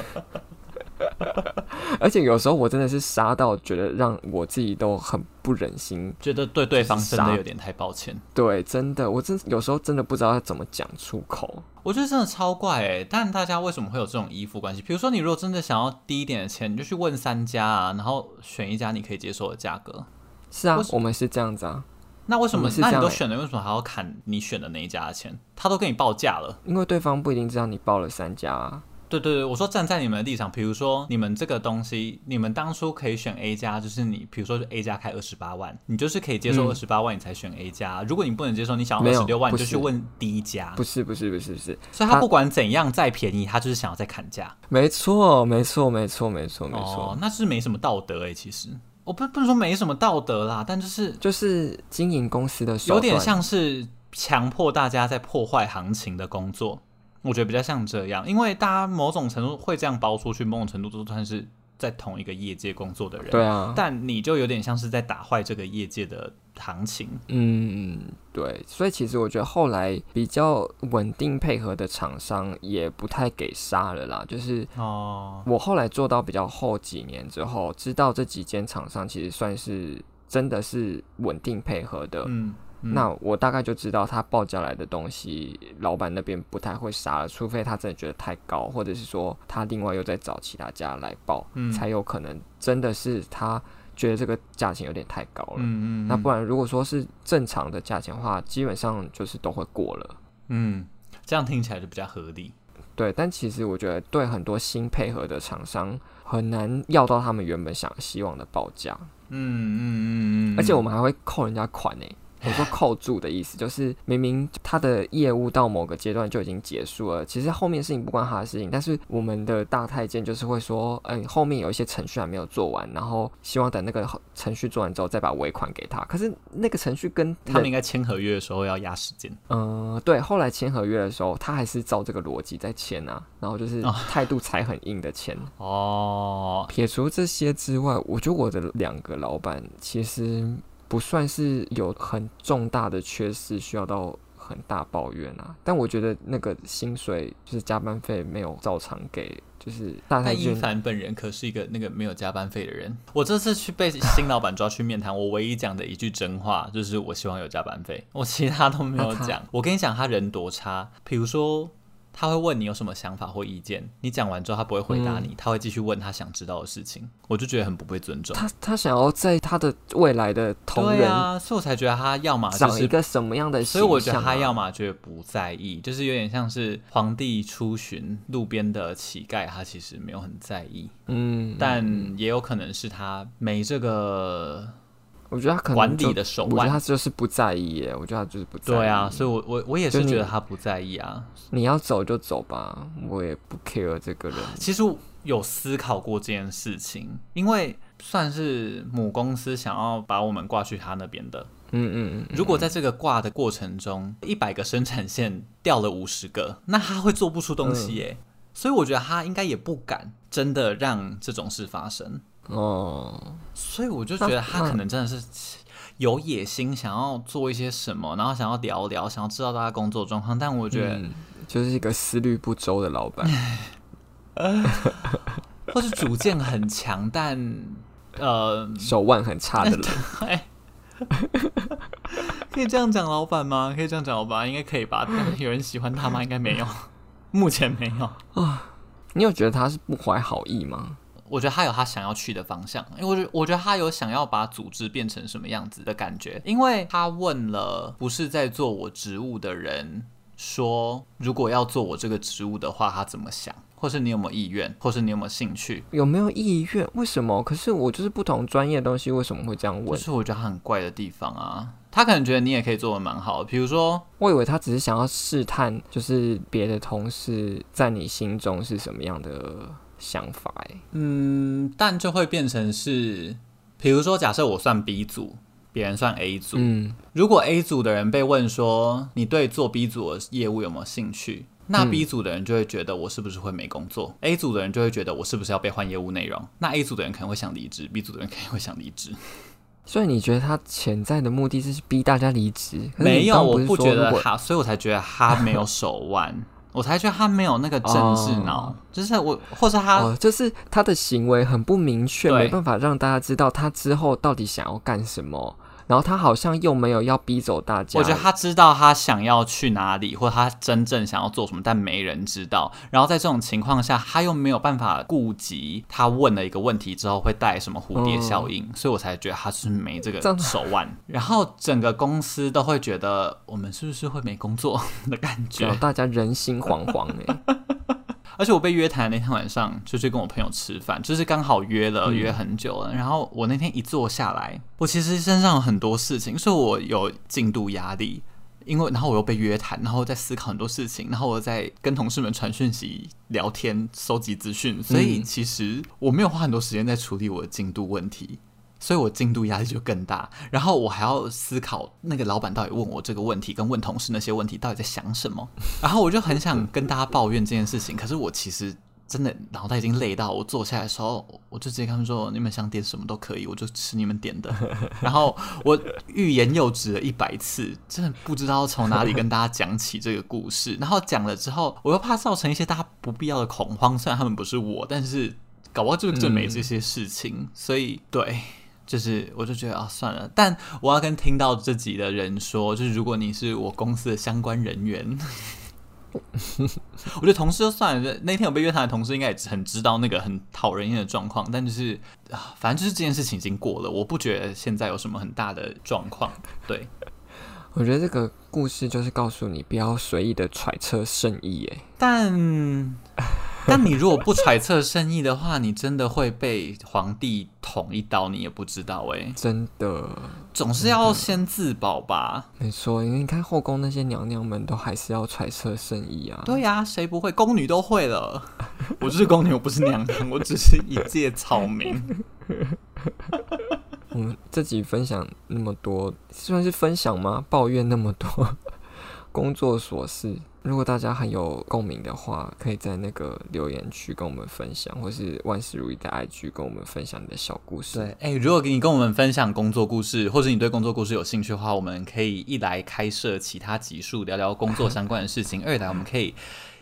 而且有時候我真的是殺到覺得讓我自己都很不忍心，覺得對對方真的有點太抱歉。 對，真的，我真有時候真的不知道要怎麼講出口。我覺得真的超怪哎、欸！但大家為什麼會有這種依附關係？比如說，你如果真的想要低一點的錢，你就去問三家啊，然後選一家你可以接受的價格。是啊，我們是這樣子啊。那為什麼？是這樣欸、那你都選了，為什麼還要砍你選的那一家的錢？他都給你報價了，因為對方不一定知道你報了三家啊。對對對，我說站在你們的立場，比如說你們這個東西，你們當初可以選 A 加，就是你，比如說是 A 加開二十八萬，你就是可以接受二十八萬，你才選 A 加、嗯。如果你不能接受，你想要二十六萬，就去問 D 加。不是不是不是不是，不是，所以他不管怎樣再便宜，他，他就是想要再砍價。沒錯沒錯沒錯沒錯沒錯、哦，那是沒什麼道德哎、欸，其實我不不能說沒什麼道德啦，但就是就是經營公司的時候，有點像是強迫大家在破壞行情的工作。我覺得比較像這樣，因為大家某種程度會這樣包出去，某種程度都算是在同一個業界工作的人。對啊，但你就有點像是在打壞這個業界的行情。嗯，對。所以其實我覺得後來比較穩定配合的廠商也不太給殺了啦。就是哦，我後來做到比較後幾年之後，知道這幾間廠商其實算是真的是穩定配合的。嗯。嗯、那我大概就知道他報價來的東西，老闆那邊不太會殺了，除非他真的覺得太高，或者是說他另外又在找其他家來報，嗯，才有可能真的是他覺得這個價錢有點太高了，嗯嗯。那不然如果說是正常的價錢的話，基本上就是都會過了。嗯，這樣聽起來就比較合理。對，但其實我覺得對很多新配合的廠商很難要到他們原本想希望的報價。嗯嗯嗯嗯。而且我們還會扣人家款誒、欸。很多“扣住”的意思就是，明明他的業務到某個階段就已經結束了，其實後面事情不關他的事情，但是我們的大太監就是會說：“嗯、欸，後面有一些程序還沒有做完，然後希望等那個程序做完之後再把尾款給他。”可是那個程序跟他，他們應該簽合約的時候要壓時間。嗯、呃，對，後來簽合約的時候，他還是照這個邏輯在簽啊，然後就是態度才很硬的簽。哦，撇除這些之外，我覺得我的兩個老板其實。不算是有很重大的缺失，需要到很大抱怨啊！但我覺得那個薪水，就是加班費沒有照常給，就是大概。伊凡本人可是一個那個沒有加班費的人。我這次去被新老闆抓去面談，我唯一講的一句真話就是我希望有加班費，我其他都沒有講。我跟你講，他人多差，比如說。他會問你有什麼想法或意見，你講完之後他不會回答你，嗯、他會繼續問他想知道的事情，我就覺得很不被尊重。他他想要在他的未來的同仁，對啊，所以我才覺得他要麼、就是、找一個什麼樣的、啊，所以我覺得他要麼覺得不在意，就是有點像是皇帝出巡路邊的乞丐，他其實沒有很在意，嗯，但也有可能是他沒這個。我覺得他可能管理的手腕，我覺得他就是不在意耶。我覺得他就是不在意。對啊，所以我我我也是覺得他不在意啊。你。你要走就走吧，我也不 care 這個人。其實有思考過這件事情，因為算是母公司想要把我們掛去他那邊的。嗯嗯嗯。如果在這個掛的過程中，一百個生產線掉了五十個，那他會做不出東西耶。嗯。所以我覺得他應該也不敢真的讓這種事發生。哦、uh，所以我就覺得他可能真的是有野心，想要做一些什麼，然後想要聊聊，想要知道大家工作狀況。但我覺得、嗯、就是一個思慮不周的老闆， 或是主見很強但呃手腕很差的人。哎、 欸，可以這樣講老闆嗎？可以這樣講老闆？應該可以吧？有人喜歡他嗎？應該沒有，目前沒有啊。 你有覺得他是不懷好意嗎？我覺得他有他想要去的方向，因為我覺得他有想要把組織變成什麼樣子的感覺。因為他問了不是在做我職務的人，說如果要做我這個職務的話，他怎麼想，或是你有沒有意願，或是你有沒有興趣，有沒有意願？為什麼？可是我就是不同專業的東西，為什麼會這樣問？就是我覺得他很怪的地方啊。他可能覺得你也可以做得蠻好，比如說，我以為他只是想要試探，就是別的同事在你心中是什麼樣的。想法哎、欸，嗯，但就會變成是，比如說，假設我算 B 組，別人算 A 組，嗯，如果 A 組的人被問說你對做 B 組的業務有沒有興趣，那 B 組的人就會覺得我是不是會沒工作，嗯。A 組的人就會覺得我是不是要被換業務內容？那 A 組的人可能會想離職，B 組的人肯定會想離職。所以你覺得他潛在的目的就是逼大家離職？沒有，我不覺得他，所以我才覺得他沒有手腕。 我才覺得他沒有那個政治腦，就是我，或是他，oh，就是他的行為很不明確，沒辦法讓大家知道他之後到底想要幹什麼。然後他好像又沒有要逼走大家，我覺得他知道他想要去哪裡，或他真正想要做什麼，但沒人知道。然後在這種情況下，他又沒有辦法顧及他問了一個問題之後會帶什麼蝴蝶效應，哦，所以我才覺得他是沒這個手腕。然後整個公司都會覺得我們是不是會沒工作的感覺，然後大家人心惶惶哎。 而且我被約談那天晚上就去跟我朋友吃飯，就是剛好約了、嗯、約很久了。然後我那天一坐下來，我其實身上有很多事情，所以我有進度壓力。因為然後我又被約談，然後在思考很多事情，然後我在跟同事們傳訊息、聊天、收集資訊，所以其實我沒有花很多時間在處理我的進度問題。所以我進度壓力就更大，然後我還要思考那個老闆到底問我這個問題，跟問同事那些問題到底在想什麼。然後我就很想跟大家抱怨這件事情，可是我其實真的腦袋已經累到，我坐下來的時候，我就直接跟他們說：“你們想點什麼都可以，我就吃你們點的。”然後我欲言又止了一百次，真的不知道從哪裡跟大家講起這個故事。然後講了之後，我又怕造成一些大家不必要的恐慌，雖然他們不是我，但是搞不好就是正沒這些事情，嗯、所以對。就是，我就覺得啊，算了。但我要跟聽到這集的人說，就是如果你是我公司的相關人員， 我覺得同事就算了。那天我被約談的同事，應該也很知道那個很討人厭的狀況。但就是反正就是這件事情已經過了，我不覺得現在有什麼很大的狀況。對，我覺得這個故事就是告訴你不要隨意的揣測聖意。哎，但。 但你如果不揣測聖意的話，你真的會被皇帝捅一刀，你也不知道哎、欸，真的總是要先自保吧？沒錯，因為你看後宮那些娘娘們都還是要揣測聖意啊。對呀、啊，誰不會？宮女都會了。 我就是宮女，我不是娘娘，我只是一介草民。 我們這集分享那麼多，算是分享嗎？抱怨那麼多 工作瑣事。如果大家很有共鳴的話，可以在那個留言區跟我們分享，或是萬事如意的 IG 跟我們分享你的小故事。對，哎、欸，如果給你跟我們分享工作故事，或者你對工作故事有興趣的話，我們可以一來開設其他集數聊聊工作相關的事情，二 來我們可以。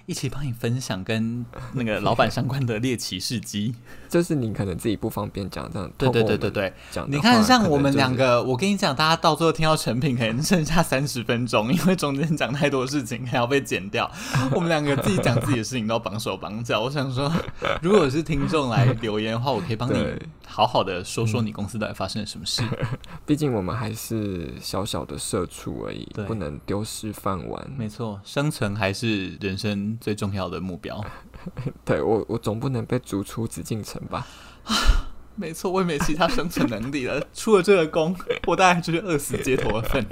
一起幫你分享跟那個老闆相關的獵奇事跡， 就是你可能自己不方便講這樣。對對對對對，講。你看像我們兩個、就是，我跟你講，大家到最後聽到成品可能剩下三十分鐘，因為中間講太多事情還要被剪掉。 我們兩個自己講自己的事情都要綁手綁腳。我想說，如果是聽眾來留言的話，我可以幫你好好的說說你公司到底發生了什麼事。畢、嗯、 竟我們還是小小的社畜而已，對，不能丟失飯碗。沒錯，生存還是人生。最重要的目標，對我，我總不能被逐出紫禁城吧？啊，沒錯，我也沒其他生存能力了，出 了這個宮，我大概就是餓死街頭的份。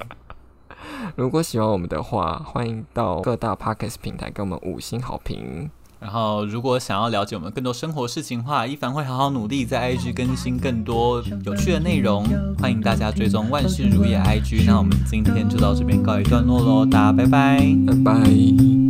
如果喜歡我們的話，歡迎到各大 podcast 平台給我們五星好評。然後，如果想要了解我們更多生活事情的話，伊凡會好好努力在 IG 更新更多有趣的內容。歡迎大家追蹤萬事如也 IG。那我們今天就到這邊告一段落嘍，大家拜拜，拜拜。